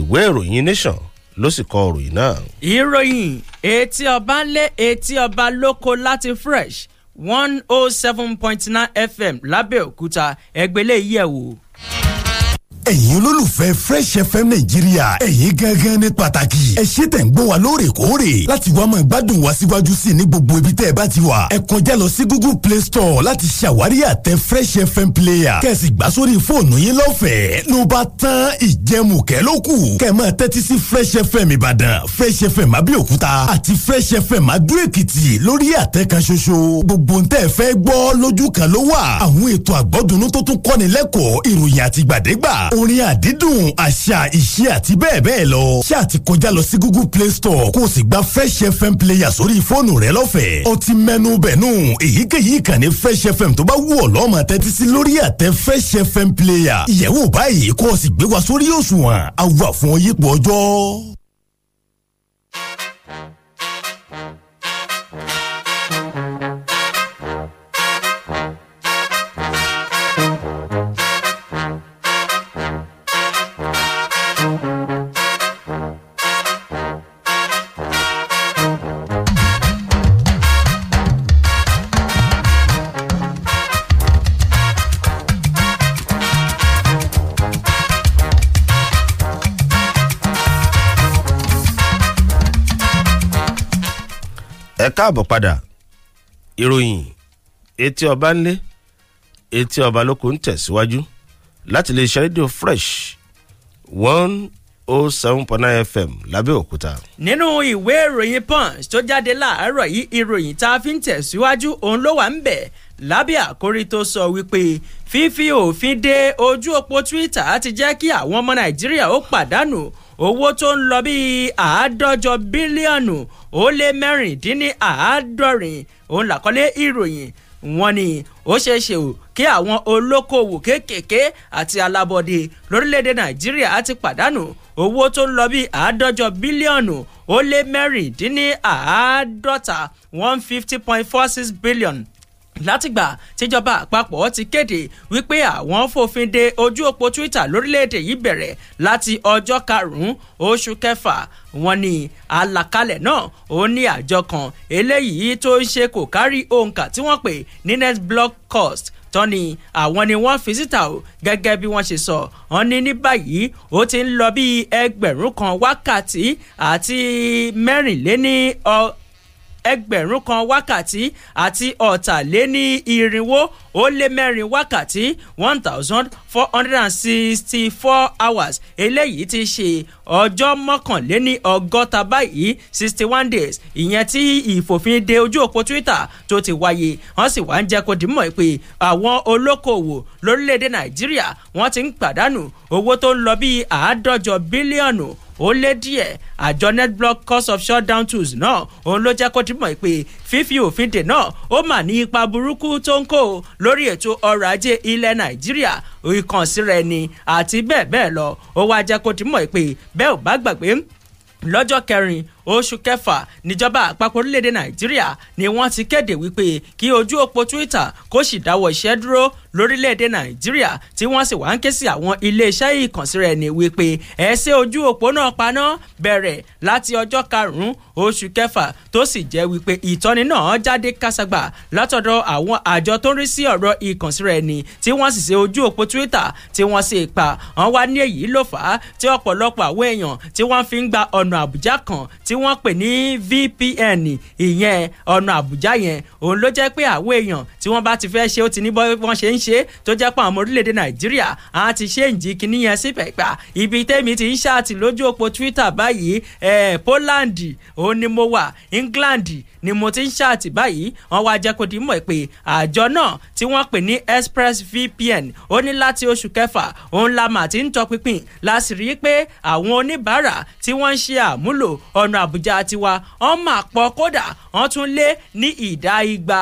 ìwé ìròyìn nation ló sì kọ ìròyìn náà. ìròyìn etí ọba lé etí ọba lóko láti fresh one oh seven point nine fm lábẹ́òkúta ẹgbẹ́lẹ́ yẹ̀ wò. Yeah. ẹ̀yin olólùfẹ́ Fresh FM Nàìjíríà ẹ̀yin gangan ní pàtàkì ẹ ṣé tẹ̀ ń gbọ́ wa lóòrèkóòrè láti wá máa gbádùn wa síwájú sí i ní gbogbo ibi tẹ́ ẹ bá ti wà ẹ kọjá lọ sí Google Play Store láti ṣàwárí àtẹ Fresh FM player kẹ̀sì gbà sórí fóònù yín lọ́fẹ̀ẹ́ ló bá tán ìjẹmùkẹ́ ló kù kẹ́ máa tẹ́tí sí Fresh FM Ìbàdàn Fresh FM Abẹ́òkúta àti Fresh FM Adó-Èkìtì lórí àtẹ kan ṣoṣo gbogbo ń tẹ́ fẹ́ gbọ́ lójú kan ló wà àwọn ètò àgbọ́dúnú orin àdídùn àṣà ìṣe àti bẹ́ẹ̀ bẹ́ẹ̀ lọ. ṣé àti kọjá lọ sí google play store kó o sì gba fresh fm player sórí fóònù rẹ lọ́fẹ̀ẹ́. o ti mẹ́nu bẹ̀nu èyíkéyìí ìkànnì fresh fm tó bá wù ọ́ lọ́mọ tẹ́tí sí lórí àtẹ fresh fm player. ìyẹ̀wò báyìí kó o sì gbé wa sórí òṣùwọ̀n àwa fún ọyípo ọjọ́. káàbọ̀ padà ìròyìn etí ọba ńlé etí ọba lóko ń tẹ̀síwájú láti lè ṣe rédíò fresh one oh seven point nine fm lábẹ́òkúta. nínú ìwé ìròyìn punch tó jáde láàárọ̀ yìí ìròyìn tá a fi ń tẹ̀síwájú òun ló wà ń bẹ̀ lábẹ́ àkórí tó sọ wípé fífi òfin de ojú òpó twitter ti jẹ́ kí àwọn ọmọ nàìjíríà ó pàdánù owó tó ń lọ bíi àádọ́jọ bílíọ̀nù ó lé mẹ́rìndínláàádọ́rin òun làkọ́lé ìròyìn wọ́n ní ó ṣeé ṣe o kí àwọn olókoòwò kéékèèké àti alábọ̀dé lórílẹ̀‐èdè nàìjíríà ti pàdánù owó tó ń lọ bíi àádọ́jọ bílíọ̀nù ó lé mẹ́rìndínláàádọ́ta one fifty point four six billion látìgbà tíjọba àpapọ̀ ti kéde wípé àwọn fòfin de ojú òpó Twitter lórílẹ̀‐èdè yìí bẹ̀rẹ̀ láti ọjọ́ karùn-ún oṣù kẹfà wọ́n ní àlàkalẹ̀ náà ó ní àjọ kan eléyìí tó ń ṣe kò kárí òǹkà tí wọ́n pè ní net block cost tọ́ni àwọn ni wọ́n fi síta o gẹ́gẹ́ bí wọ́n ṣe sọ wọ́n ní ní báyìí ó ti ń lọ bí ẹgbẹ̀rún kan wákàtí àti mẹ́rìnléní ẹgbẹ̀rún kan wákàtí àti ọ̀tàléní irinwó ó lé mẹ́rin wákàtí one thousand four hundred and sixty four hours eléyìí ti ṣe ọjọ́ mọ́kànléní ọgọ́ta báyìí sixty one days ìyẹn tí ìfòfin de ojú òpó twitter tó ti wáyé wọ́n sì wá ń jẹ́ kó dìímọ̀ pé àwọn olókoòwò lórílẹ̀‐èdè nàìjíríà wọ́n ti ń pàdánù owó tó ń lọ bíi àádọ́jọ bílíọ̀nù ó lé díẹ̀ àjọ netblock cause of shutdown tools náà òun ló jẹ́ kó ti mọ̀ pé fífi òfin dè náà ó mà ní ipa burúkú tó ń kó lórí ètò ọrọ̀ ajé ilẹ̀ nàìjíríà ìkàn síra ẹni àti bẹ́ẹ̀ bẹ́ẹ̀ lọ ó wá jẹ́ kó ti mọ̀ pé bẹ́ẹ̀ ò bá gbàgbé lọ́jọ́ kẹrin oṣù kẹfà níjọba àpapọ̀ orílẹ̀-èdè nàìjíríà ni wọ́n ti kéde wípé kí ojú òpó twitter kó sì dáwọ́ iṣẹ́ dúró lórílẹ̀-èdè nàìjíríà tí wọ́n sì wá ń ké sí àwọn iléeṣẹ́ ìkànsíra ẹni wípé ẹ ṣe ojú òpó náà paná bẹ̀rẹ̀ láti ọjọ́ karùn-ún oṣù kẹfà tó sì jẹ́ wípé ìtọ́ni náà jáde kásagbà látọ̀dọ̀ àwọn àjọ tó ń rí sí ọ̀rọ̀ ìkànsíra ẹni tí wọ́n sì ṣe ojú òpó twitter tí wọ́n sì pa wọ́n wá ní èyí ló fà á tí ọ̀pọ̀lọpọ̀ àwọn èèyàn tí wọ́n fi ń gba ọ̀nà àbújá kan t tí wọ́n pè ní VPN ìyẹn ọ̀nà àbújá yẹn òun ló jẹ́ pé àwọn èèyàn tí wọ́n bá ti fẹ́ ṣe ó ti ní bọ́ wọ́n ṣe ń ṣe tó jẹ́ pé àwọn ọmọ orílẹ̀-èdè nàìjíríà á ti ṣe ń jí kinní yẹn síbẹ̀ gbà ibi tẹ́mi ti ń ṣáàtì lójú òpó Twitter báyìí Poland òun ni mo wà England ni mo ti ń ṣáàtì báyìí wọ́n wá jẹ́ kó di mọ̀ pé àjọ náà tí wọ́n pè ní ExpressVPN ó ní láti oṣù kẹfà òun la mà ti ń tọpinpin láti rí i pé àwọn oníbàárà tí wọ́n ń ṣe àmúlò ọ̀nà àbújá tiwa wọ́n mà pọ̀ kódà wọ́n tún lé ní ìdá igba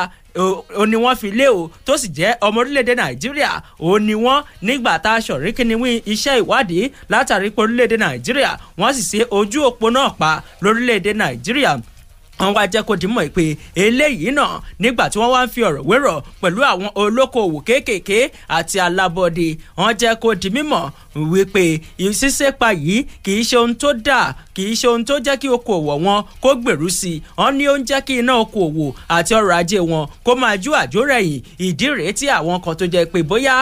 ó ní wọ́n fi lé o tó sì jẹ́ ọmọ orílẹ̀-èdè nàìjíríà ó ní wọ́n nígbà tá a ṣọ̀rí kí ni wí iṣẹ́ ìwádìí látàrí pé orílẹ̀-èdè nàìjíríà wọ́n sì ṣe ojú òpó náà pa lórílẹ̀-èdè nàìjíríà wọ́n wá jẹ́ kó di mọ̀ pé eléyìí náà nígbà tí wọ́n wá ń fi ọ̀rọ̀ wérọ̀ pẹ̀lú àwọn olókoòwò kéékèèké àti alábọ́dé wọ́n jẹ́ kó di mímọ̀ wípé ìṣísẹ́pa yìí kì í ṣe ohun tó dáa kì í ṣe ohun tó jẹ́ kí okòòwò wọn kó gbèrú sí i wọ́n ní ó ń jẹ́ kí iná okòòwò àti ọrọ̀ ajé wọn kó máa ju àjò rẹ̀yìn ìdí rèé tí àwọn kan tó jẹ́ pé bóyá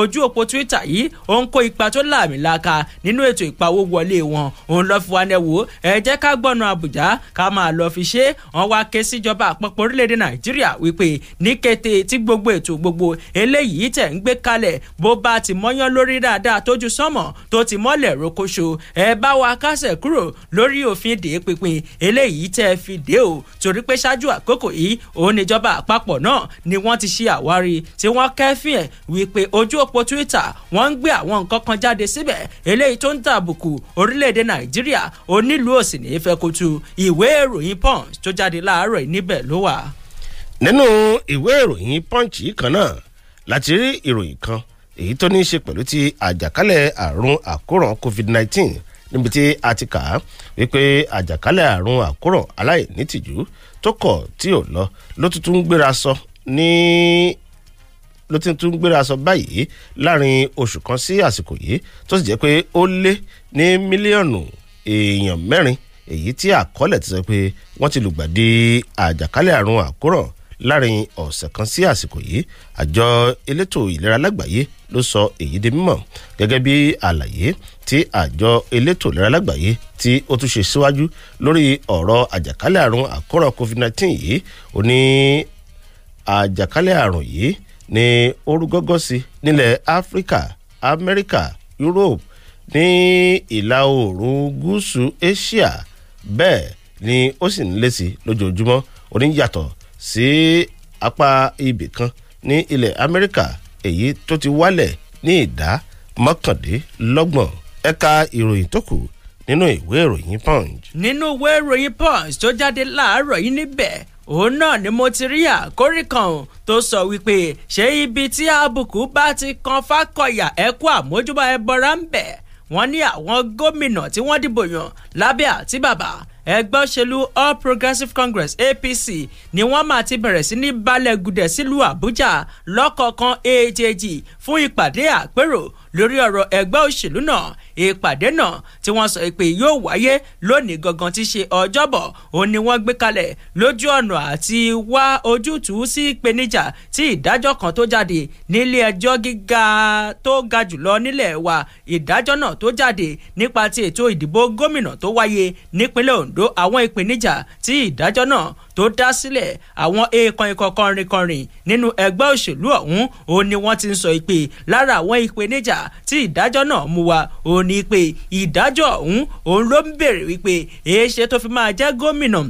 ojú òpó Twitter yìí ó ń kó ipa tó láàmìlaka nínú ètò ìpawówọlé wọn òun lọ́ fi wá nẹ́wò ẹ jẹ́ ká gbọ́nà Àbújá ká máa lọ fi ṣe wọ́n wá ké síjọba àpapọ̀ orílẹ̀-èdè nàìjíríà wípé ní kété tí gbogbo ètò gbogbo eléyìí tẹ̀ ń gbé kalẹ̀ bó bá ti mọ́yán lórí dáadáa tójú sánmọ̀ tó ti mọ́lẹ̀ rokoṣo ẹ bá wa kásẹ̀ kúrò lórí òfin dè pinpin eléyìí tẹ́ fi dé o torí pé ṣáájú àkókò yìí òun níjọba àpapọ̀ náà ni wọ́n ti ṣe àwárí tí wọ́n kẹ́fìn ẹ̀ wípé ojú òpó twitter wọ́n ń gbé àwọn nǹkan kan jáde síbẹ̀ eléyìí tó ń tàbùkù orílẹ̀-èdè nàìjíríà onílùú òsì ní í fẹ́ kutu ìwé ìròyìn pọ́n náà tó jáde láàárọ̀ níbẹ̀ ló wà. nínú ìwé ìròyìn punch kan náà láti rí ìròyìn kan èyí tó ní í ṣe pẹ̀lú ti àjàkálẹ̀ àrùn àkóràn covid-19 níbi tí a ti kà á wípé àjàkálẹ̀ àrùn àkóràn aláìnítìjú tó kọ̀ tí ò lọ ló tuntun ń gbéra sọ ní ló ti tún gbéra sọ báyìí láàrin oṣù kan sí àsìkò yìí tó sì jẹ́ pé ó lé ní mílíọ̀nù èèyàn mẹ́rin èyí tí àkọọ́lẹ̀ ti sọ pé wọ́n ti lùgbàdì àjàkálẹ̀ àrùn àkóràn láàrin ọ̀sẹ̀ kan sí àsìkò yìí àjọ elétò ìlera lágbàáyé ló sọ èyí di mímọ̀ gẹ́gẹ́ bí àlàyé tí àjọ elétò ìlera lágbàáyé tí ó tún ṣe síwájú lórí ọ̀rọ̀ àjàkálẹ̀ àrùn àkóràn covid-19 yìí ó ní àjàkálẹ̀ àrùn yìí ní orúgọ́gọ́ sí nílẹ̀ áfíríkà amẹ́ríkà europe ní ìlà oòrùn gúúsù asia bẹ́ẹ̀ ni ó sì ń lé sí lójoojúmọ́ oníyàtọ̀ sí apá ibì kan ní ilẹ̀ Amẹ́ríkà èyí tó ti wálẹ̀ ní ìdá mọ́kàndínlọ́gbọ̀n ẹ̀ka ìròyìn tó kù nínú ìwé ìròyìn punch. nínú ìwé ìròyìn punch tó jáde láàárọ̀ yìí níbẹ̀ òun náà ni mo ti rí àkórí kan tó sọ wípé ṣé ibi tí àbùkù bá ti kan fákọ̀yà ẹ̀kú àmójúbà ẹbọra ń bẹ wọ́n ní àwọn gómìnà tí wọ́n dìbò yàn lábẹ́ àti bàbá ẹgbẹ́ òṣèlú all progressives congress apc ni wọ́n máa ti bẹ̀rẹ̀ sí ní balẹ̀ gùdẹ̀ sílùú àbújá lọ́kọ̀ọ̀kan èjèèjì fún ìpàdé àpérò lórí ọ̀rọ̀ ẹgbẹ́ òṣèlú náà ìpàdé náà tí wọ́n sọ pé yóò wáyé lónìí gangan tí ṣe ọjọ́bọ̀ òun ni wọ́n gbé kalẹ̀ lójú ọ̀nà àti wá ojútùú sí ìpèníjà tí ìdájọ́ kan tó jáde nílé ẹjọ́ gíga tó ga jùlọ nílẹ̀ wa ìdájọ́ náà tó jáde nípa ti ètò ìdìbò gómìnà tó wáyé nípínlẹ̀ Ondo àwọn ìpèníjà tí ìdájọ́ náà tó dá sílẹ̀ àwọn èèkàn ikọ̀ kọrinkọrin nínú ẹgbẹ́ òṣèlú ọ̀hún òun ni wọ́n ti ń sọ pé lára àwọn ìpèníjà tí ìdájọ́ náà mú wa òun ni pé ìdájọ́ ọ̀hún òun ló ń béèrè wípé èéṣe tó fi máa jẹ́ gómìnà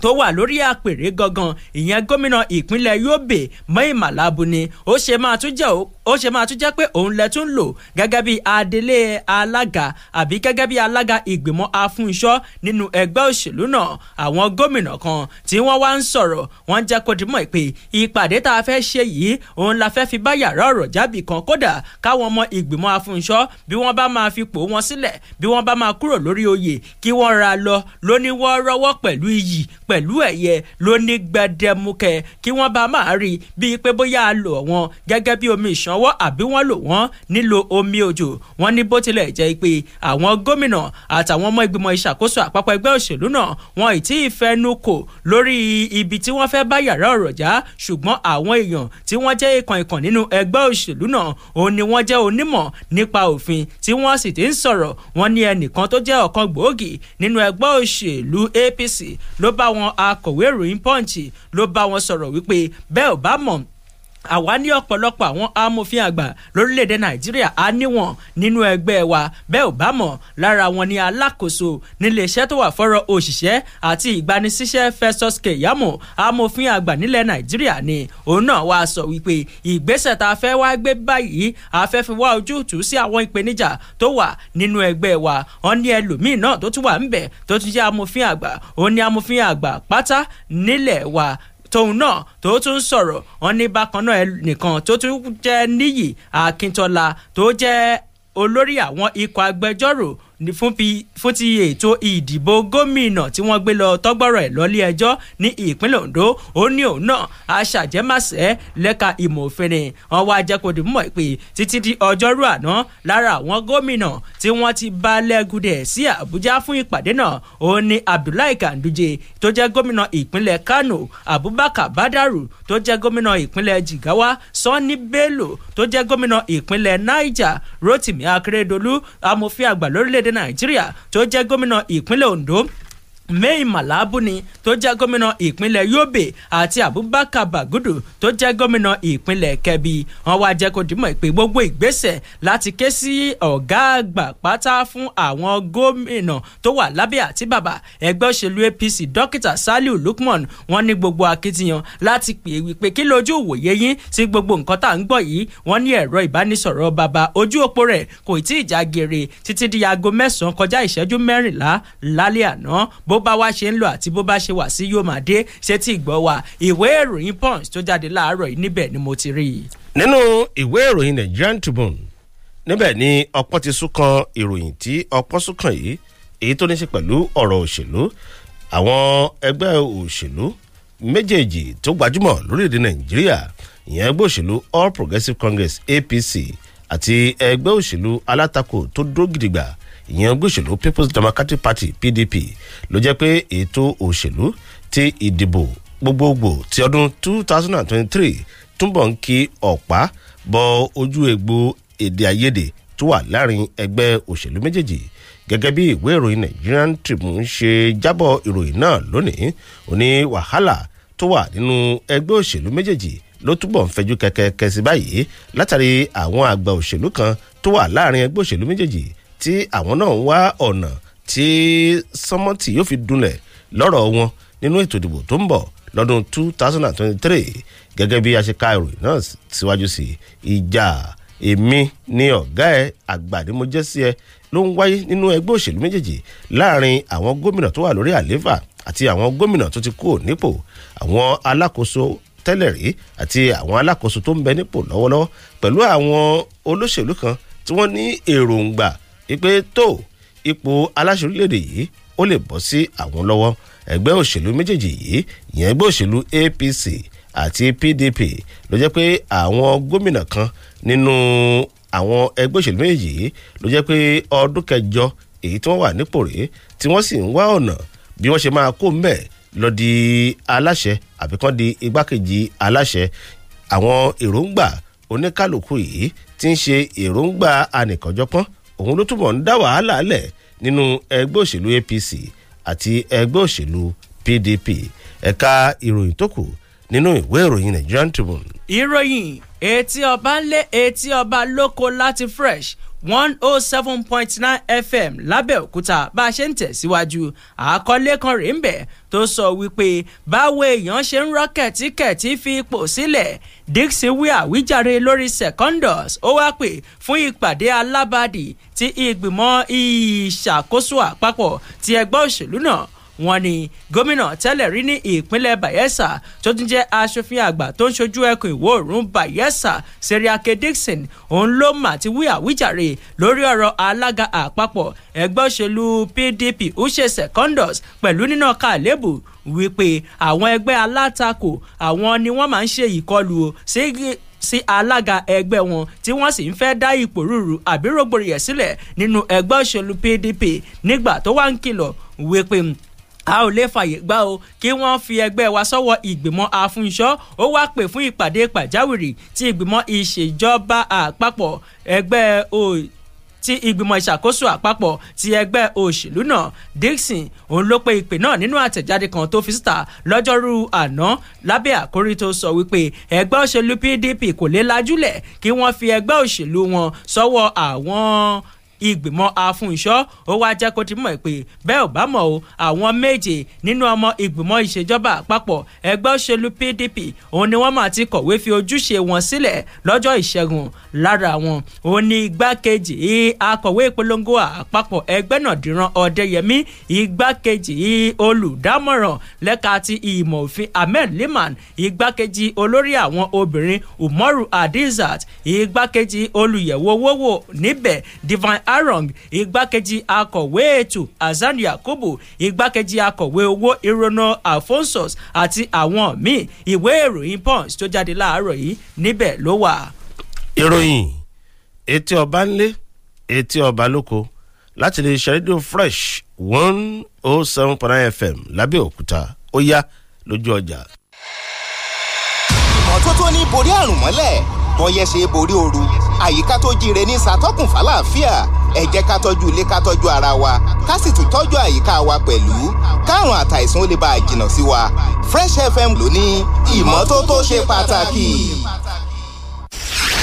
tó wà lórí àpèrè gangan ìyẹn gómìnà ìpínlẹ̀ Yobe Mai Mala Buni ó ṣe máa tún jẹ́ ó ṣe máa tún jẹ́ pé òun lẹ tún lò gẹ́gẹ́ bí adelé alága àbí gẹ́gẹ́ bí alága ìgbìmọ̀ afúnṣọ́ nínú ẹgbẹ́ òṣèlú náà àwọn gómìnà kan tí wọ́n wá ń sọ̀rọ̀ wọ́n jẹ́ kó dimọ̀ pé ìpàdé tá a fẹ́ ṣe yìí òun la fẹ́ fi bá yàrá ọ̀rọ̀ jábì kan kódà káwọn ọmọ ìgbìmọ̀ afúnṣọ́ bí wọ́n bá máa fipò wọn sílẹ̀ bí wọ́n bá máa kúrò lórí oyè kí wọ́n ra lọ lóníwọ́rọ́wọ́ pẹ̀lú iyì pẹ̀lú ẹ̀yẹ ló ní gbẹdẹmukẹ kí wọ́n bá máa rí bíi pé bóyá a lò wọ́n gẹ́gẹ́ bí omi ìṣanwọ́ àbí wọ́n lò wọ́n nílò omi òjò wọ́n ní bó tilẹ̀ jẹ́ pé àwọn gómìnà àtàwọn ọmọ ìgbìmọ̀ ìṣàkóso àpapọ̀ ẹgbẹ́ òṣèlú náà wọn ì tí ì fẹnu kò lórí ibi tí wọ́n fẹ́ bá yàrá ọ̀rọ̀ já ṣùgbọ́n àwọn èèyàn tí wọ́n jẹ́ ìkan ìkan nínú ẹgbẹ́ òṣèlú náà òun ni wọ́n jẹ́ onímọ̀ nípa òfin tí wọ́n sì ti ń sọ̀rọ̀ wọn ní ẹnìkan tó jẹ́ ọ̀kan gbòógì nínú ẹgbẹ́ òṣèlú APC ló bá wọn àwọn akọ̀wé ìròyìn punch ló bá wọn sọ̀rọ̀ wípé bẹ́ẹ̀ ò bá mọ̀ àwa ní ọ̀pọ̀lọpọ̀ àwọn amòfin àgbà lórílẹ̀‐èdè nàìjíríà á níwọ̀n nínú ẹgbẹ́ wa bẹ́ẹ̀ ò bá mọ̀ lára wọn ni alákòóso níléeṣẹ́ tó wà fọ́rọ̀ òṣìṣẹ́ àti ìgbanisíṣẹ́ festus keyamo amòfin àgbà nílẹ̀ nàìjíríà ni òun náà wàá sọ wípé ìgbésẹ̀ tá a fẹ́ wá gbé báyìí a fẹ́ fi wá ojútùú sí àwọn ìpèníjà tó wà nínú ẹgbẹ́ wa wọn ní ẹlòmíì náà tó tún wà ńbẹ̀ tó tún jẹ́ amòfin àgbà òun wa tóun náà tó tún sọ̀rọ̀ wọn ní bákan náà ẹnìkan tó tún jẹ́ níyì akíntọ́lá tó jẹ́ olórí àwọn ikọ̀ agbẹjọ́rò fún ti ètò ìdìbò gómìnà tí wọ́n gbé lọ tọ́gbọ́rọ̀ ẹ̀ lọ́lé ẹjọ́ ní ìpínlẹ̀ Ondo ó ní òun náà aṣàjẹmàṣẹ́ lẹ́ka ìmọ̀ òfin ni wọ́n wá jẹ́ kó di mímọ̀ pé títí di ọjọ́rú àná lára àwọn gómìnà tí wọ́n ti bá lẹ́gùdẹ̀ sí Àbújá fún ìpàdé náà òun ni Abdullahi Ganduje tó jẹ́ gómìnà ìpínlẹ̀ Kano Abubakar Badaru tó jẹ́ gómìnà ìpínlẹ̀ Jigawa Sanni Bello tó jẹ́ gómìnà ìpínlẹ̀ Niger Rotimi Akeredolu amòfin àgbà lórílẹ̀ nàìjíríà tó jẹ́ gómìnà ìpínlẹ̀ ondo Mai malabuni Buni tó jẹ́ gómìnà ìpínlẹ̀ Yobe àti Abubakar Bagudu tó jẹ́ gómìnà ìpínlẹ̀ Kebbi wọ́n wá jẹ́ kó dìmọ̀ pé gbogbo ìgbésẹ̀ láti ké sí ọ̀gá àgbà pátá fún àwọn gómìnà tó wà lábẹ́ àti bàbá ẹgbẹ́ òṣèlú APC dókítà Saliu Lukman wọ́n ní gbogbo akitiyan láti pè wípé kí lójú òwòye yín sí gbogbo nǹkan tá à ń gbọ́ yìí wọ́n ní ẹ̀rọ ìbánisọ̀rọ̀ bàbá ojú òpó rẹ̀ kò tí ì já gèrè títí di aago bá wá ṣe ń lọ àti bó bá ṣe wà sí yóò máa dé ṣé tí ìgbọ́ wa ìwé ìròyìn punch tó jáde láàárọ̀ yìí níbẹ̀ ni mo ti rí i. nínú ìwé ìròyìn Nigerian Tribune níbẹ̀ ni ọ̀pọ̀ ti sún ìròyìn tí ọ̀pọ̀ sún yìí èyí tó ní ṣe pẹ̀lú ọ̀rọ̀ òṣèlú àwọn ẹgbẹ́ òṣèlú méjèèjì tó gbajúmọ̀ lórílẹ̀‐èdè Nàìjíríà ìyẹn ẹgbẹ́ òṣèlú All Progressives Congress APC àti ẹgbẹ́ òṣèlú alátakò tó dúró gidigba ìyẹn ẹgbẹ́ òṣèlú people's democratic party pdp ló jẹ́ pé ètò òṣèlú ti ìdìbò gbogbogbò ti ọdún 2023 túbọ̀ ń kí ọ̀pá bọ ojú egbò èdè àìyedè tó wà láàrin ẹgbẹ́ òṣèlú méjèèjì gẹ́gẹ́ bí ìwé ìròyìn Nigerian Tribune ṣe jábọ̀ ìròyìn náà lónìí ó ní wàhálà tó wà nínú ẹgbẹ́ òṣèlú méjèèjì ló túbọ̀ ń fẹjú kẹ̀kẹ́ kẹsí báyìí látàrí àwọn àgbà òṣèlú kan tó wà láàrin ẹgbẹ́ òṣèlú méjèèjì tí àwọn náà ń wá ọ̀nà tí sọ́mọ́tì yóò fi dunlẹ̀ lọ́rọ̀ wọn nínú ètò ìdìbò tó ń bọ̀ lọ́dún 2023 gẹ́gẹ́ bí a ṣe ka ìròyìn náà síwájú sí ìjà èmi ni ọ̀gá ẹ̀ àgbà ni mo jẹ́ sí ẹ ló ń wáyé nínú ẹgbẹ́ òṣèlú méjèèjì láàrin àwọn gómìnà tó wà lórí àlééfà àti àwọn gómìnà tó ti kú nípò àwọn alákòóso tẹ́lẹ̀ rí àti àwọn alákòóso tó ń bẹ nípò lọ́wọ́lọ́wọ́ pẹ̀lú àwọn olóṣèlú kan tí wọ́n ní èròǹgbà wípé tó ipò aláṣẹ orílẹ̀-èdè yìí ó lè bọ́ sí àwọn lọ́wọ́ ẹgbẹ́ òṣèlú méjèèjì yìí ìyẹn ẹgbẹ́ òṣèlú APC àti PDP ló jẹ́ pé àwọn gómìnà kan nínú àwọn ẹgbẹ́ òṣèlú méjèèjì yìí ló jẹ́ pé ọdún kẹjọ èyí tí wọ́n wà nípò rèé tí wọ́n sì ń wá ọ̀nà bí wọ́n ṣe máa kó mbẹ̀ lọ di aláṣẹ àbí kán di igbákejì aláṣẹ àwọn èròǹgbà oníkálukú yìí ti ń ṣe èròǹgbà anìkànjọpọ́n òun ló túbọ̀ ń dá wàhálà lẹ̀ nínú ẹgbẹ́ òṣèlú apc àti ẹgbẹ́ òṣèlú pdp ẹ̀ka ìròyìn tó kù nínú ìwé ìròyìn nigerian tribune. ìròyìn etí ọba lé etí ọba lóko láti fresh one oh seven point nine fm lábẹ́òkúta bá a ṣe ń tẹ̀síwájú àkọlé kan rèé ń bẹ̀ tó sọ wípé báwo èèyàn ṣe ń rọ́ kẹ̀tíkẹ̀tí fi ipò sílẹ̀ dixie wí àwíjàre lórí secondus ó wá pè fún ìpàdé alábàádì ti ìgbìmọ̀ ìṣàkóso àpapọ̀ ti ẹgbẹ́ òṣèlú náà wọ́n ní gómìnà tẹ́lẹ̀ rí ní ìpínlẹ̀ Bayelsa tó tún jẹ́ aṣòfin àgbà tó ń ṣojú ẹkùn ìwọ̀ Bayelsa Seriake Dixon òun ló mà ti wí àwíjàre lórí ọ̀rọ̀ alága àpapọ̀ ẹgbẹ́ òṣèlú PDP Uche Secondus pẹ̀lú nínà kàlébù wípé àwọn ẹgbẹ́ alátakò àwọn ni wọ́n máa ń ṣe ìkọlù o sí sí alága ẹgbẹ́ wọn tí wọ́n sì ń fẹ́ dá ipò àbí rògbòrìyẹ̀ sílẹ̀ nínú ẹgbẹ́ òṣèlú PDP nígbà tó wá ń kìlọ̀ wípé a ò lè fàyè gbà o kí wọ́n fi ẹgbẹ́ wa sọ́wọ́ ìgbìmọ̀ afúnṣọ́ ó wá pè fún ìpàdé pàjáwìrì tí ìgbìmọ̀ ìṣèjọba àpapọ̀ ẹgbẹ́ o ti ìgbìmọ̀ ìṣàkóso àpapọ̀ ti ẹgbẹ́ òṣèlú náà Dixon òun ló pe ìpè náà nínú àtẹ̀jáde kan tó fi síta lọ́jọ́rú àná lábẹ́ àkórí tó sọ wípé ẹgbẹ́ òṣèlú PDP kò lè lajúlẹ̀ kí wọ́n fi ẹgbẹ́ òṣèlú wọn sọ́wọ́ àwọn ìgbìmọ̀ afúnṣọ́ ó wá jẹ́ kó ti mọ̀ pé bẹ́ẹ̀ ò bá mọ̀ o àwọn méje nínú ọmọ ìgbìmọ̀ ìṣèjọba àpapọ̀ ẹgbẹ́ òṣèlú PDP òun ni wọ́n máa ti kọ̀wé fi ojúṣe wọn sílẹ̀ lọ́jọ́ ìṣẹ́gun lára wọn òun ni igbákejì akọ̀wé ìpolongo àpapọ̀ ẹgbẹ́ náà dìran ọ̀dẹ́yẹmí igbákejì olùdámọ̀ràn lẹ́ka ti ìmọ̀ òfin ahmed liman igbákejì olórí àwọn obìnrin umaru adizat igbákejì olùyẹ̀wò owó níbẹ̀ divine arong igbákejì akọ̀wé ètò hasan yakubu igbákejì akọ̀wé owó ìrònà alphonsus àti àwọn míì ìwé ìròyìn punch tó jáde láàárọ̀ yìí níbẹ̀ ló wà. ìròyìn etí ọba ńlé etí ọba lóko láti lè ṣe fresh one oh seven point nine fm lábẹ́òkúta ó yá lójú ọjà. ìmọ́tótó ní borí àrùn mọ́lẹ̀ bọ́yẹ́ ṣe borí ooru àyíká tó jíire ní ṣàtọ́kùn fàlàáfíà ẹ jẹ́ ká tọ́jú ilé ká tọ́jú ara wa ká sì tún tọ́jú àyíká wa pẹ̀lú káàrùn àtàìsàn ó lè bá a jìnnà sí wa Fresh FM ló ní ìmọ́tótó ṣe pàtàkì.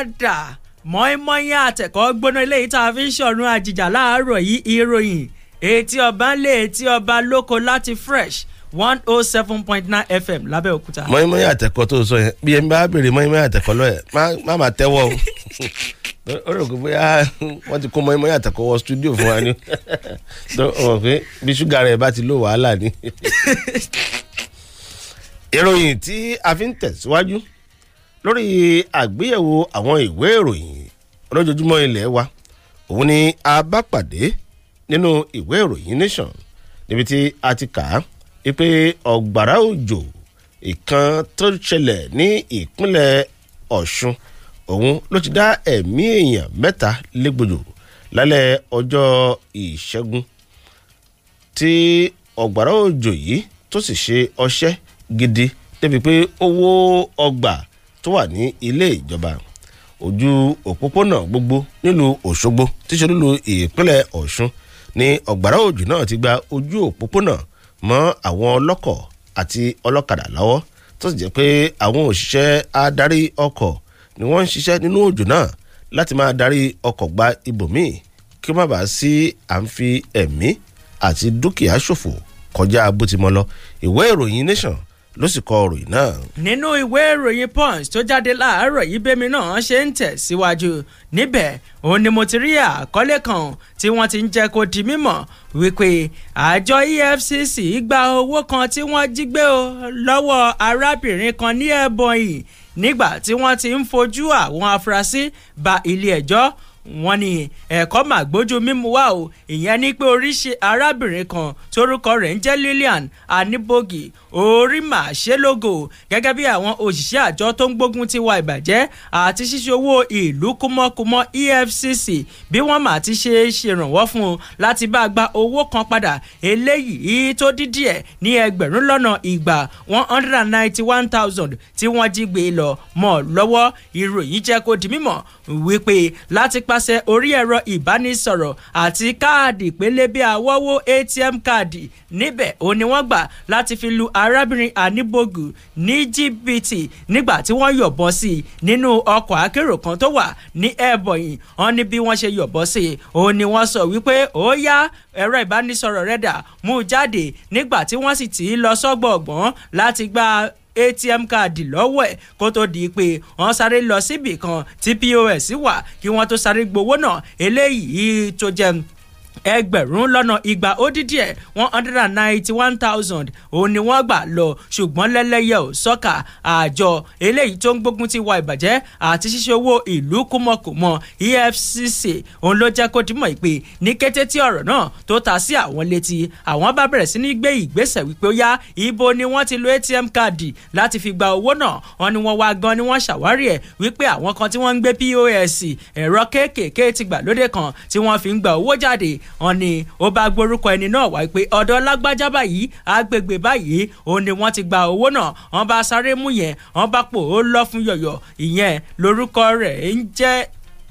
padà mọ́ínmọ́ín àtẹ̀kọ́ gbóná eléyìí tá a fi ń ṣọ̀run àjìjà láàárọ̀ yìí ìròyìn etí ọba lé etí ọba lóko láti fresh one oh seven point nine fm lábẹ́òkúta. mọ́ínmọ́ín àtẹ̀kọ́ tó sọ yẹn bí ẹni bá béèrè mọ́ínmọ́ín àtẹ̀kọ́ lọ́yẹ̀ má má tẹ́wọ́ o ó rò pé wọ́n ti kó mọ́ínmọ́ín àtẹ̀kọ́ wọ studio fún wa ni ọmọ pé bí ṣúgà rẹ̀ bá ti lò wàhálà ni. ìròyìn tí a fi ń tẹ̀síwájú. Si lórí àgbéyẹ̀wò àwọn ìwé ìròyìn olójoojúmọ́ ilẹ̀ wa òun ni a bá pàdé nínú ìwé ìròyìn nation níbi tí a ti kà á wípé ọ̀gbàrá òjò ìkan tó ṣẹlẹ̀ ní ìpínlẹ̀ ọ̀ṣun òun ló ti dá ẹ̀mí èèyàn mẹ́ta légbodò lálẹ́ ọjọ́ ìṣẹ́gun tí ọ̀gbàrá òjò yìí tó sì ṣe ọṣẹ́ gidi débi pé owó ọgbà tó wà ní ilé ìjọba ojú òpópónà gbogbo nílùú Òṣogbo tíṣe nílùú ìpínlẹ̀ Ọ̀ṣun ní ọ̀gbàrá òjò náà ti gba ojú òpópónà mọ́ àwọn ọlọ́kọ̀ àti ọlọ́kadà lọ́wọ́ tó sì jẹ́ pé àwọn òṣìṣẹ́ adarí ọkọ̀ ni wọ́n ń ṣiṣẹ́ nínú òjò náà láti máa darí ọkọ̀ gba ibòmíì kí ó má bàa sí à ń fi ẹ̀mí àti dúkìá ṣòfò kọjá bó ti mọ lọ ìwé ìròyìn nation ló sì kọ ọ̀rọ̀ yìí náà. nínú ìwé ìròyìn punch tó jáde láàárọ̀ yìí bẹ́mi náà ṣe ń tẹ̀síwájú níbẹ̀ òun ni mo ti rí àkọlé kan tí wọ́n ti ń jẹ́ kó di mímọ̀ wípé àjọ efcc gba owó kan tí wọ́n jí gbé lọ́wọ́ arábìnrin kan ní ẹ̀bọ̀nyì nígbà tí wọ́n ti ń fojú àwọn afurasí ba ilé ẹjọ́ e wọ́n ní ẹ̀kọ́ mà gbójú mímu wá o ìyẹn ní pé oríṣi arábìnrin kan torúkọ rẹ̀ ń jẹ́ Lillian Anibogi orí mà ṣe lógo gẹ́gẹ́ bí àwọn òṣìṣẹ́ àjọ tó ń gbógun ti wa ìbàjẹ́ àti ṣíṣe owó ìlú kúmọ́kúmọ́ EFCC bí wọ́n mà ti ṣe ṣèrànwọ́ fún un láti bá a gba owó kan padà eléyìí tó dídí ẹ̀ ní ẹgbẹ̀rún lọ́nà ìgbà one hundred and ninety one thousand tí wọ́n jí gbé lọ mọ́ lọ́wọ́ ìròyìn jẹ́ kó di mímọ̀ wípé láti pa nípasẹ̀ orí ẹ̀rọ ìbánisọ̀rọ̀ àti káàdì pélébé àwọ́wọ́ atm káàdì níbẹ̀ ó ní wọ́n gbà láti fi lu arábìnrin àníbògù ní jìbìtì nígbà tí wọ́n yọ̀bọ̀ sí i nínú ọkọ̀ akérò kan tó wà ní ẹ̀bọ̀yìn wọ́n ní bí wọ́n ṣe yọ̀bọ̀ sí i ó ní wọ́n sọ wípé ó yá ẹ̀rọ ìbánisọ̀rọ̀ rẹ̀ dà mú jáde nígbà tí wọ́n sì tì lọ sọ́gbọ̀ọ̀gbọ̀n láti gba atm káàdì lọ́wọ́ ẹ̀ kó tó di pé wọ́n sáré lọ síbì kan tí pos wà kí wọ́n tó sáré gbowó náà eléyìí tó jẹun ẹgbẹ̀rún lọ́nà igba ó dín díẹ̀ one hundred and ninety one thousand òun ni wọ́n gbà lọ ṣùgbọ́n lẹ́lẹ́yẹ ò sọ́kà àjọ eléyìí tó ń gbógun ti wa ìbàjẹ́ àti ṣíṣe owó ìlú kúmọkùmọ EFCC òun ló jẹ́ kó dìmọ̀ ìpè ní kété tí ọ̀rọ̀ náà tó ta sí àwọn létí àwọn bá bẹ̀rẹ̀ sí ní gbé ìgbésẹ̀ wípé ó yá ibo ni wọ́n ti lo ATM káàdì láti fi gba owó náà wọ́n ní wọ́n wá gan ni wọ́n ṣàwárí ẹ̀ wípé àwọn kan tí wọn ni ó bá gbórúkọ ẹni náà wá pé ọ̀dọ̀ lágbájá báyìí agbègbè báyìí òun ni wọ́n ti gba owó náà wọ́n bá sáré mú yẹn wọ́n bá pò ó lọ́ fún yọ̀yọ̀ ìyẹn lórúkọ rẹ̀ ń jẹ́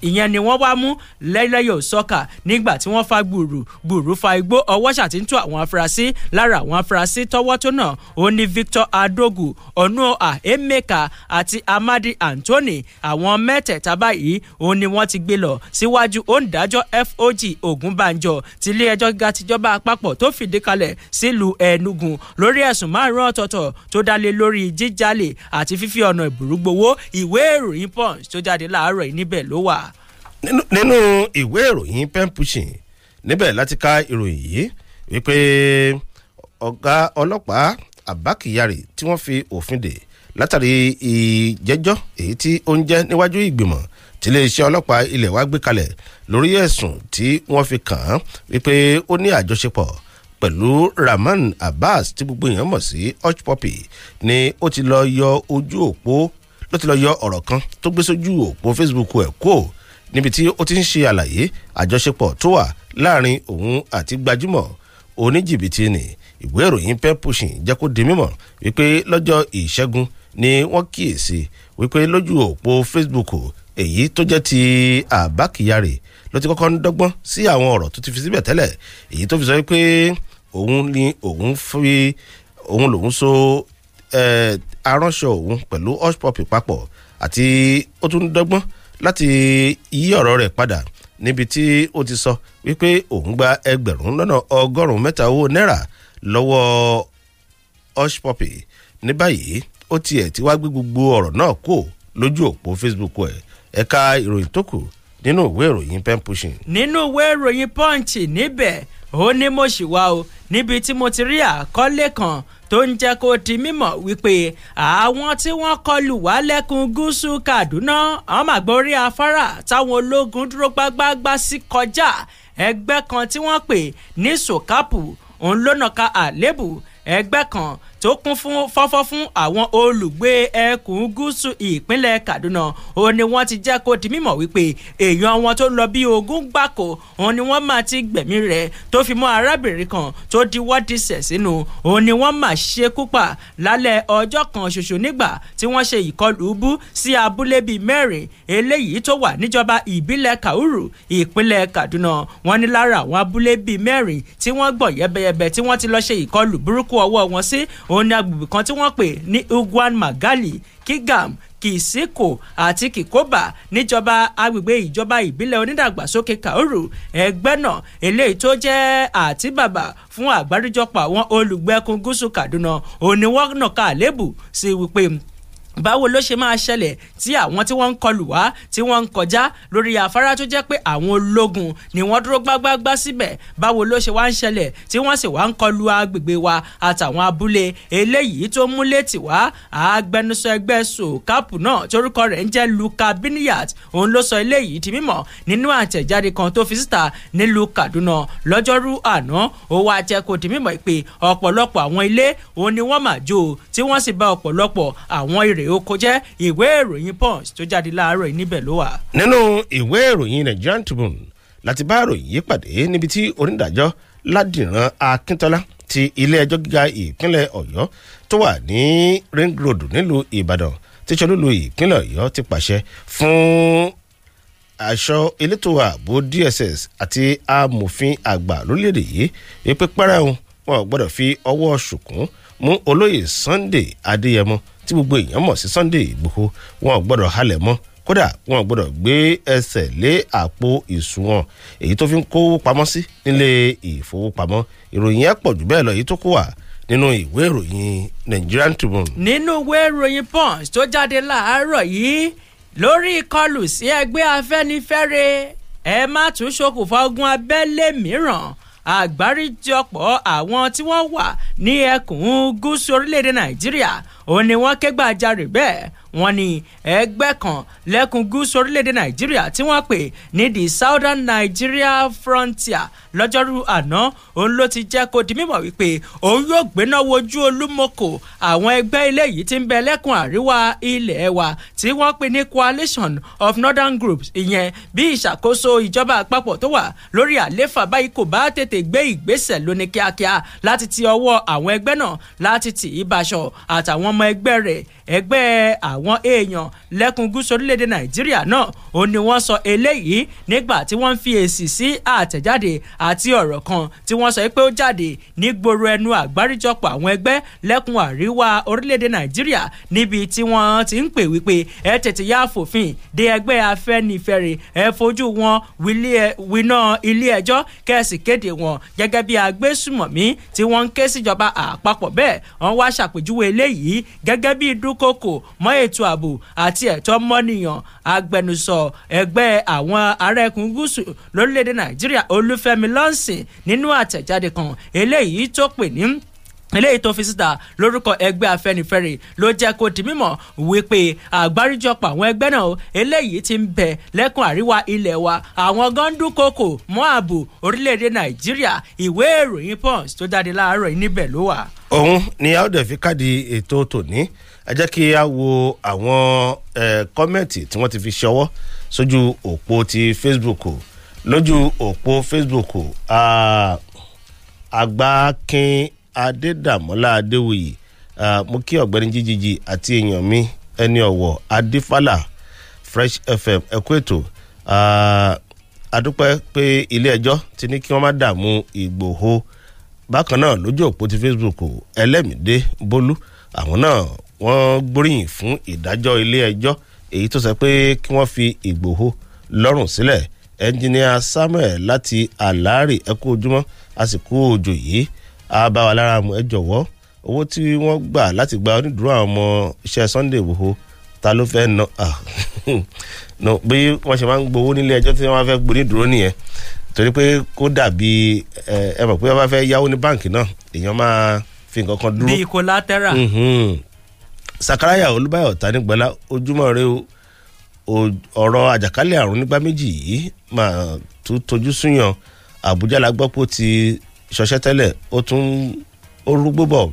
ìyẹn ni wọ́n wá mú lẹ́lẹ́yọ̀ sọ́kà nígbà tí wọ́n fa gbùrù gbùrù fa igbó ọwọ́ ṣàtìntú àwọn afurasí lára àwọn afurasí tọ́wọ́ tó náà ó ní Victor Adogu Onuoha Emeka àti Amadi Anthony àwọn mẹ́tẹ̀ẹ̀ta báyìí ó ní wọ́n ti gbé lọ síwájú òǹdájọ́ FOG Ògúnbànjọ tilé ẹjọ́ gíga tìjọba àpapọ̀ tó fìdí kalẹ̀ sílùú Enugu lórí ẹ̀sùn márùn-ún ọ̀tọ̀ọ̀tọ̀ tó dá lé lórí jíjalè àti fífi ọ̀nà ìbùrúgbowó ìwé ìròyìn Punch tó jáde láàárọ̀ yìí níbẹ̀ ló wà nínú ìwé ìròyìn pen pushing níbẹ̀ láti ka ìròyìn yìí wípé ọ̀gá ọlọ́pàá Abba Kyari tí wọ́n fi òfin dè látàrí ìjẹ́jọ́ èyí tí ó ń jẹ́ níwájú ìgbìmọ̀ tiléeṣẹ́ ọlọ́pàá ilẹ̀ wa gbé kalẹ̀ lórí ẹ̀sùn tí wọ́n fi kàn án wípé ó ní àjọṣepọ̀ pẹ̀lú Rahman Abbas tí gbogbo èèyàn mọ̀ sí Hot Poppy ni ó ti lọ yọ ojú òpó ló ti lọ yọ ọ̀rọ̀ kan tó gbé sójú òpó Facebook ẹ̀ kúò níbi tí ó ti ń ṣe àlàyé àjọṣepọ̀ tó wà láàrin òun àti gbajúmọ̀ oníjìbìtì ni ìwé ìròyìn pen pushing jẹ́ kó di mímọ̀ wípé lọ́jọ́ ìṣẹ́gun ni wọ́n kíyèsí wípé lójú òpó Facebook èyí tó jẹ́ ti Abba Kyari ló ti kọ́kọ́ ń dọ́gbọ́n sí àwọn ọ̀rọ̀ tó ti fi síbẹ̀ tẹ́lẹ̀ èyí tó fi sọ wípé òun ni òun fi òun lòun so aránṣọ òun pẹ̀lú hush pop papọ̀ àti ó tún dọ́gbọ́n láti yí ọ̀rọ̀ rẹ̀ padà níbi tí ó ti sọ wípé òun gba ẹgbẹ̀rún lọ́nà ọgọ́rùn-ún mẹ́ta owó náírà lọ́wọ́ hushpuppi ní báyìí ó tiẹ̀ ti wá gbé gbogbo ọ̀rọ̀ náà kó lójú òpó facebook ẹ̀ ẹ̀ka ìròyìn tó kù nínú ìwé ìròyìn pen pushing. nínú ìwé ìròyìn punch níbẹ̀ ó ní mo ṣì wá o níbi tí mo ti rí àkọlé kan tó ń jẹ́ kó di mímọ̀ wípé àwọn tí wọ́n kọlù wá lẹ́kùn gúúsù Kaduna ọmọ àgbórí afárá táwọn ológun dúró gbágbáágbá sí kọjá ẹgbẹ́ kan tí wọ́n pè ní Sokapu òun ló nàka àlébù ẹgbẹ́ kan tó kún fún fọ́fọ́ fún àwọn olùgbé ẹkùn gúúsù ìpínlẹ̀ Kaduna òun ni wọ́n ti jẹ́ kó di mímọ̀ wípé èèyàn wọn tó lọ bí ogún gbàkó òun ni wọ́n máa ti gbẹ̀mí rẹ̀ tó fi mọ́ arábìnrin kan tó di wọ́dìsẹ̀ sínú òun ni wọ́n máa ṣekú pa lálẹ́ ọjọ́ kan ṣoṣo nígbà tí wọ́n ṣe ìkọlù bú sí abúlé bíi mẹ́rin eléyìí tó wà níjọba ìbílẹ̀ Kauru ìpínlẹ̀ Kaduna wọ́n ní lára àwọn abúlé bíi mẹ́rin tí wọ́n gbọ̀ yẹ́bẹ́yẹ́bẹ́ tí wọ́n ti lọ ṣe ìkọlù burúkú ọwọ́ wọn sí òun ni agbègbè kan tí wọ́n pè ní Ugwan Magali Kigam Kisiko àti Kikoba níjọba agbègbè ìjọba ìbílẹ̀ onídàgbàsókè Kauru ẹgbẹ́ náà eléyìí tó jẹ́ àtíbàbà fún àgbáríjọpọ̀ àwọn olùgbẹ́kùn gúúsù Kaduna òun ni wọ́n nàka àlébù sí wípé báwo ló ṣe máa ṣẹlẹ̀ tí àwọn tí wọ́n ń kọlù wá tí wọ́n ń kọjá lórí afárá tó jẹ́ pé àwọn ológun ni wọ́n dúró gbágbágbá síbẹ̀ báwo ló ṣe wá ń ṣẹlẹ̀ tí wọ́n sì wá ń kọlù agbègbè wa àtàwọn abúlé eléyìí tó múlé tì wá agbẹnusọ ẹgbẹ́ sokapu náà torúkọ rẹ̀ ń jẹ́ Luka Biniyat òun ló sọ eléyìí di mímọ̀ nínú àtẹ̀jáde kan tó fi síta nílùú Kaduna lọ́jọ́rú àná òwò àtẹ̀kò di mímọ̀ pé ni wọ́n mà jó tí wọ́n sì bá oko jẹ́ ìwé ìròyìn punch tó jáde láàárọ̀ yìí níbẹ̀ ló wà. nínú ìwé ìròyìn nigerian tribune láti bá ìròyìn yìí pàdé níbi tí onídàájọ́ ládìran akíntọ́lá ti ilé ẹjọ́ gíga ìpínlẹ̀ ọ̀yọ́ tó wà ní ring road nílùú ìbàdàn tí sọlúlu ìpínlẹ̀ ọ̀yọ́ ti pàṣẹ fún àṣọ elétò ààbò dss àti amòfin àgbà lórílẹ̀‐èdè yìí wípé pẹ́rẹ́ wọn ò gbọ́dọ̀ fi ọwọ́ ṣùkún mú olóyè sunday adéyẹmọ tí gbogbo èèyàn mọ̀ sí Sunday Ìgbòho wọn ò gbọ́dọ̀ halẹ̀ mọ́ kódà wọn ò gbọ́dọ̀ gbé ẹsẹ̀ lé àpò ìsùnwọ̀n èyí tó fi ń kówó pamọ́ sí nílé ìfowópamọ́ ìròyìn ẹ̀ pọ̀ jù bẹ́ẹ̀ lọ èyí tó kó wà nínú ìwé ìròyìn Nigerian Tribune. nínú ìwé ìròyìn punch tó jáde láàárọ̀ yìí lórí ìkọlù sí ẹgbẹ́ Afẹ́nifẹ́re ẹ má tún ṣokùnfà ogun abẹ́lé mìíràn àgbáríjọpọ̀ àwọn tí wọ́n wà ní ẹkùn gúúsù orílẹ̀-èdè Nàìjíríà òun ni wọ́n ké gbàjarè bẹ́ẹ̀ wọ́n ní ẹgbẹ́ kan lẹ́kùn gúúsù orílẹ̀-èdè nàìjíríà tí wọ́n pè ní the southern nigeria frontier lọ́jọ́rú àná òun ló ti jẹ́ kó di mímọ̀ wípé òun yóò gbéná wojú olúmọ̀kò àwọn ẹgbẹ́ ilé yìí ti ń bẹ lẹ́kùn àríwá ilẹ̀ wa tí wọ́n pè ní coalition of northern groups ìyẹn bí ìṣàkóso ìjọba àpapọ̀ tó wà lórí àléfà báyìí kò bá tètè gbé ìgbésẹ̀ lóní kíákíá láti ti ọwọ́ àwọn ẹgbẹ́ náà láti tì í baṣọ àtàwọn ọmọ ọmọ ẹgbẹ́ rẹ̀ ẹgbẹ́ àwọn èèyàn lẹ́kùn gúúsù orílẹ̀-èdè nàìjíríà náà ó ní wọ́n sọ eléyìí nígbà tí wọ́n ń fi èsì sí àtẹ̀jáde àti ọ̀rọ̀ kan tí wọ́n sọ pé ó jáde nígboro ẹnu àgbáríjọpọ̀ àwọn ẹgbẹ́ lẹ́kùn àríwá orílẹ̀-èdè nàìjíríà níbi tí wọ́n ti ń pè wípé ẹ tètè yá fòfin de ẹgbẹ́ afẹ́nifẹ́re ẹ fojú wọn winá ilé ẹjọ́ kẹ́sì kéde wọn gẹ́gẹ́ bí agbésùmọ̀mí tí wọ́n ń ké síjọba àpapọ̀ bẹ́ẹ̀ wọ́n wá ṣàpèjúwe eléyìí gẹ́gẹ́ bí dúk dúnkòkò mọ́ ètò ààbò àti ẹ̀tọ́ mọ́nìyàn agbẹnusọ ẹgbẹ́ àwọn arẹ́kùn gúúsù lórílẹ̀‐èdè nàìjíríà olúfẹ́mi lọ́nsìn nínú àtẹ̀jáde kan eléyìí tó pè ní eléyìí tó fi síta lórúkọ ẹgbẹ́ afẹ́nifẹ́re ló jẹ́ kó di mímọ̀ wípé àgbáríjọpọ̀ àwọn ẹgbẹ́ náà eléyìí ti ń bẹ lẹ́kùn àríwá ilẹ̀ wa àwọn gọ́ńdúnkòkò mọ́ ààbò orílẹ̀-èdè nàìjíríà ìwé ìròyìn punch tó jáde láàárọ̀ níbẹ̀ ló wà. òun ni a ó dẹ̀ fi káàdì ètò tòní ẹ jẹ́ kí a wo àwọn kọ́mẹ̀ntì tí wọ́n ti fi ṣọwọ́ sójú òpó ti Facebook lójú òpó Facebook àgbákin adédàmọ́lá adéwòye mo kí ọ̀gbẹ́ni jíjìjì àti èèyàn mi ẹni ọ̀wọ̀ adífálà Fresh FM ẹ̀kú ètò adúpẹ́ pé ilé ẹjọ́ ti ní kí wọ́n má dààmú Ìgbòho bákan náà lójú òpó ti Facebook ẹlẹ́mìdé bólú àwọn náà wọ́n gbóríyìn fún ìdájọ́ ilé ẹjọ́ èyí tó sọ pé kí wọ́n fi Ìgbòho lọ́rùn sílẹ̀ ẹnjìníà Samuel láti àlárè ẹkú ojúmọ́ àsìkò òjò yìí á bá wa lára mu ẹ jọ̀wọ́ owó tí wọ́n gbà láti gba onídùúró àwọn ọmọ iṣẹ́ Sunday Ìgbòho ta ló fẹ́ na ah, no bí wọ́n ṣe máa ń gbowó nílé ẹjọ́ tí wọ́n máa fẹ́ gbóni dúró nìyẹn torí pé kó dàbí ẹ mọ̀ pé wọ́n bá fẹ́ yáwó ní báǹkì náà èèyàn máa fi nǹkan kan dúró. bíi kòlátẹ́rà sakaraya olúbáyọ̀ tanígbọ́lá ojúmọ́ rẹ ọ̀rọ̀ àjàkálẹ̀ àrùn nígbà méjì yìí máa tún tojú súyàn àbújá la gbọ́ pé ó ti ṣọṣẹ́ tẹ́lẹ̀ ó tún ó rúgbó bọ̀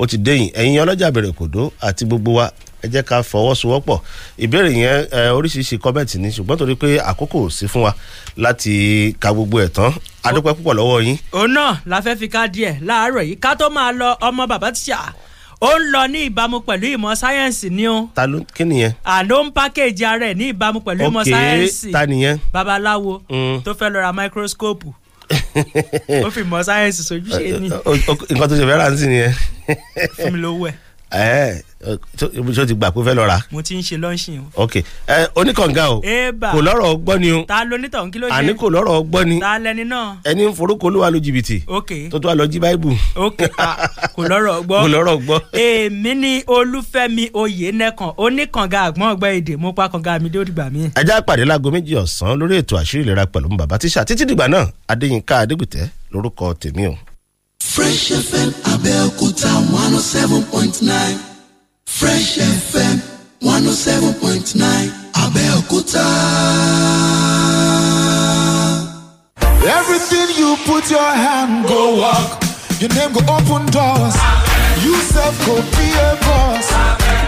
ó ti dẹ́yìn ẹ̀yin ọlọ́jà bẹ̀rẹ̀ kòdó àti gbogbo wa ẹ jẹ́ ká fọwọ́sowọ́pọ̀ ìbéèrè yẹn oríṣiríṣi kọ́mẹ̀ntì ni ṣùgbọ́n torí pé àkókò sí fún wa láti ka gbogbo ẹ̀ tán adúpẹ́ púpọ̀ lọ́wọ́ yín. òun náà la fẹ́ fi ká díẹ̀ láàárọ̀ yìí ká tó máa lọ ọmọ bàbá tíṣà ó ń lọ ní ìbámu pẹ̀lú ìmọ̀ sáyẹ́ǹsì ni o. ta ló kí nìyẹn. àló ń pákéjì ara ẹ̀ ní ìbámu pẹ̀lú ìmọ̀ sáyẹ́ǹsì. ok ta nìyẹn. babaláwo mm. tó fẹ́ lọ ra máíkróskóòpù ó fi ìmọ̀ sáyẹ́ǹsì sojúṣe ni. nǹkan tó ṣe fẹ́ rà ń sìn nìyẹn. fún mi lówó ẹ̀ ẹ ṣó ti gbà pé fẹ́ lọ ra. mo ti ń ṣe lọ́ọ̀ṣìn o. ok ẹ oníkànga o. eba kò lọ́rọ̀ ọgbọ́n ni o. ta ló ní tọ̀hún kí ló àní kò lọ́rọ̀ ọgbọ́n ni. ta lẹni náà. ẹni ń forúkọ olúwa lu jìbìtì. ok tó tó a lọ jí báíbù. ok kò lọ́rọ̀ ọgbọ́n. kò lọ́rọ̀ ọgbọ́n. èmi ni olúfẹ́mi oyènẹ́kan oníkànga àgbọ̀n ọgbẹ́ èdè mo pa kànga mi dórí gbà mí. ajá pàdé láago méjì ọ̀sán lórí ètò àṣírí ìlera pẹ̀lú bàbá tíṣà títí dìgbà náà adéyínká adégbìtẹ́ lórúkọ Fresh FM Abẹ́òkúta one oh seven point nine Fresh FM one oh seven point nine Abẹ́òkúta. Everything you put your hand go walk, your name go open doors, Amen. you self go be a boss.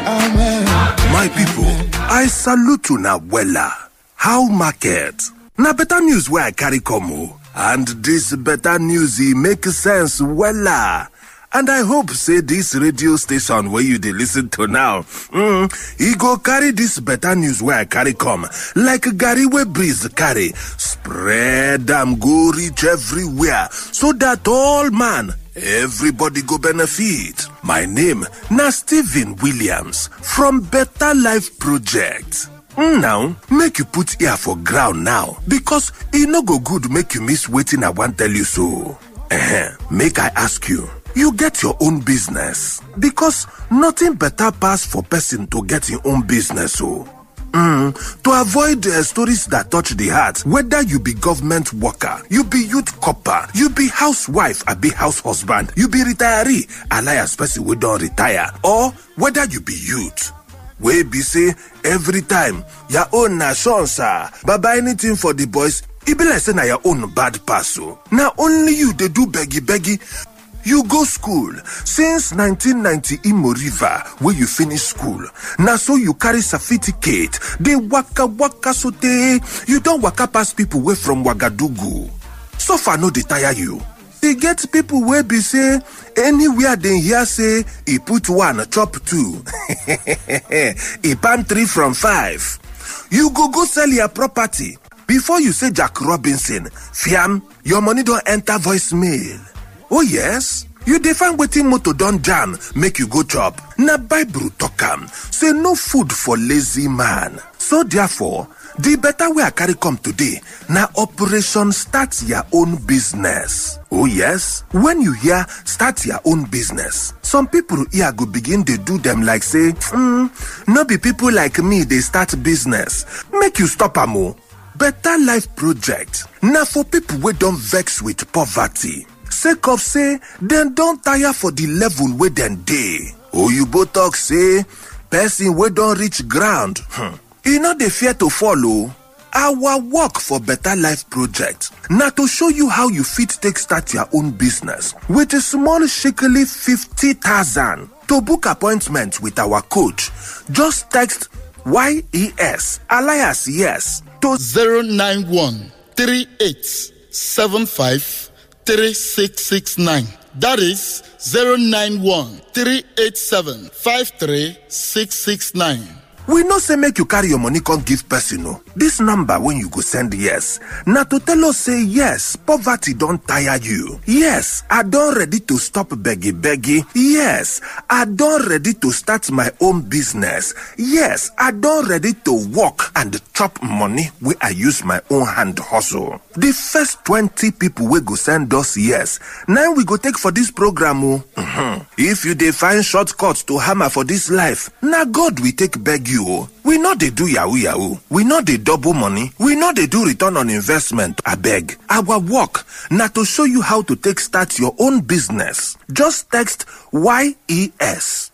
Amen. Amen. My people, I salute now. wella. How market? Na better news where I carry come oh. And this better news make sense wella. And I hope say this radio station where you dey listen to now, mm, go carry this better news where I carry come, like Gary we breeze carry, spread and go reach everywhere, so that all man, everybody go benefit. My name na Stephen Williams from Better Life Project now make you put ear for ground now because e no go good make you miss wetin i wan tell you so make i ask you you get your own business because nothing better pass for person to get im own business o Mm, to avoid uh, stories that touch the heart, whether you be government worker, you be youth copper, you be housewife, I be house husband, you be retiree, alias person we don't retire, or whether you be youth we be say every time your own na chance but buy anything for the boys e be like say na your own bad pass o oh. na only you dey do beggy beggy you go school since 1990 imo river wey you finish school na so you carry certificate dey waka waka sotey you don waka pass people wey from wagadugu suffer no dey tire you e get pipo wey be say anywhere dem hear say e put one chop two e palm three from five you go go sell your property before you say jack robinson fiam your money don enter voicemail oh yes you dey find wetin motor don jam make you go chop na bible talk am say no food for lazy man so therefore The better way I carry come today, now operation starts your own business. Oh yes, when you hear start your own business, some people here go begin they do them like say, mm, no be people like me they start business. Make you stop amo. Oh. Better life project. Now for people we don't vex with poverty. Sake of say, then don't tire for the level where then day. Oh you both talk say, person we don't reach ground. Hmm e no dey fear to fall o. Our work for Better Life project Now to show you how you fit take start your own business with a small shekeli 50,000. To book appointment with our coach, just text YES alias yes to 091 That is 091 387 53669 we no say make you carry your money come give person o oh. This number wey you go send yes na to tell us say yes poverty don tire you yes i don ready to stop begi begi yes i don ready to start my own business yes i don ready to work and chop money wey i use my own hand hustle The first twenty people wey go send us yes na we go take for this program o mm-hmm. if you dey find shortcut to hammer for this life na god we take beg you o we know they do yahoo yahoo we know they double money we know they do return on investment I beg. our work now to show you how to take start your own business just text yes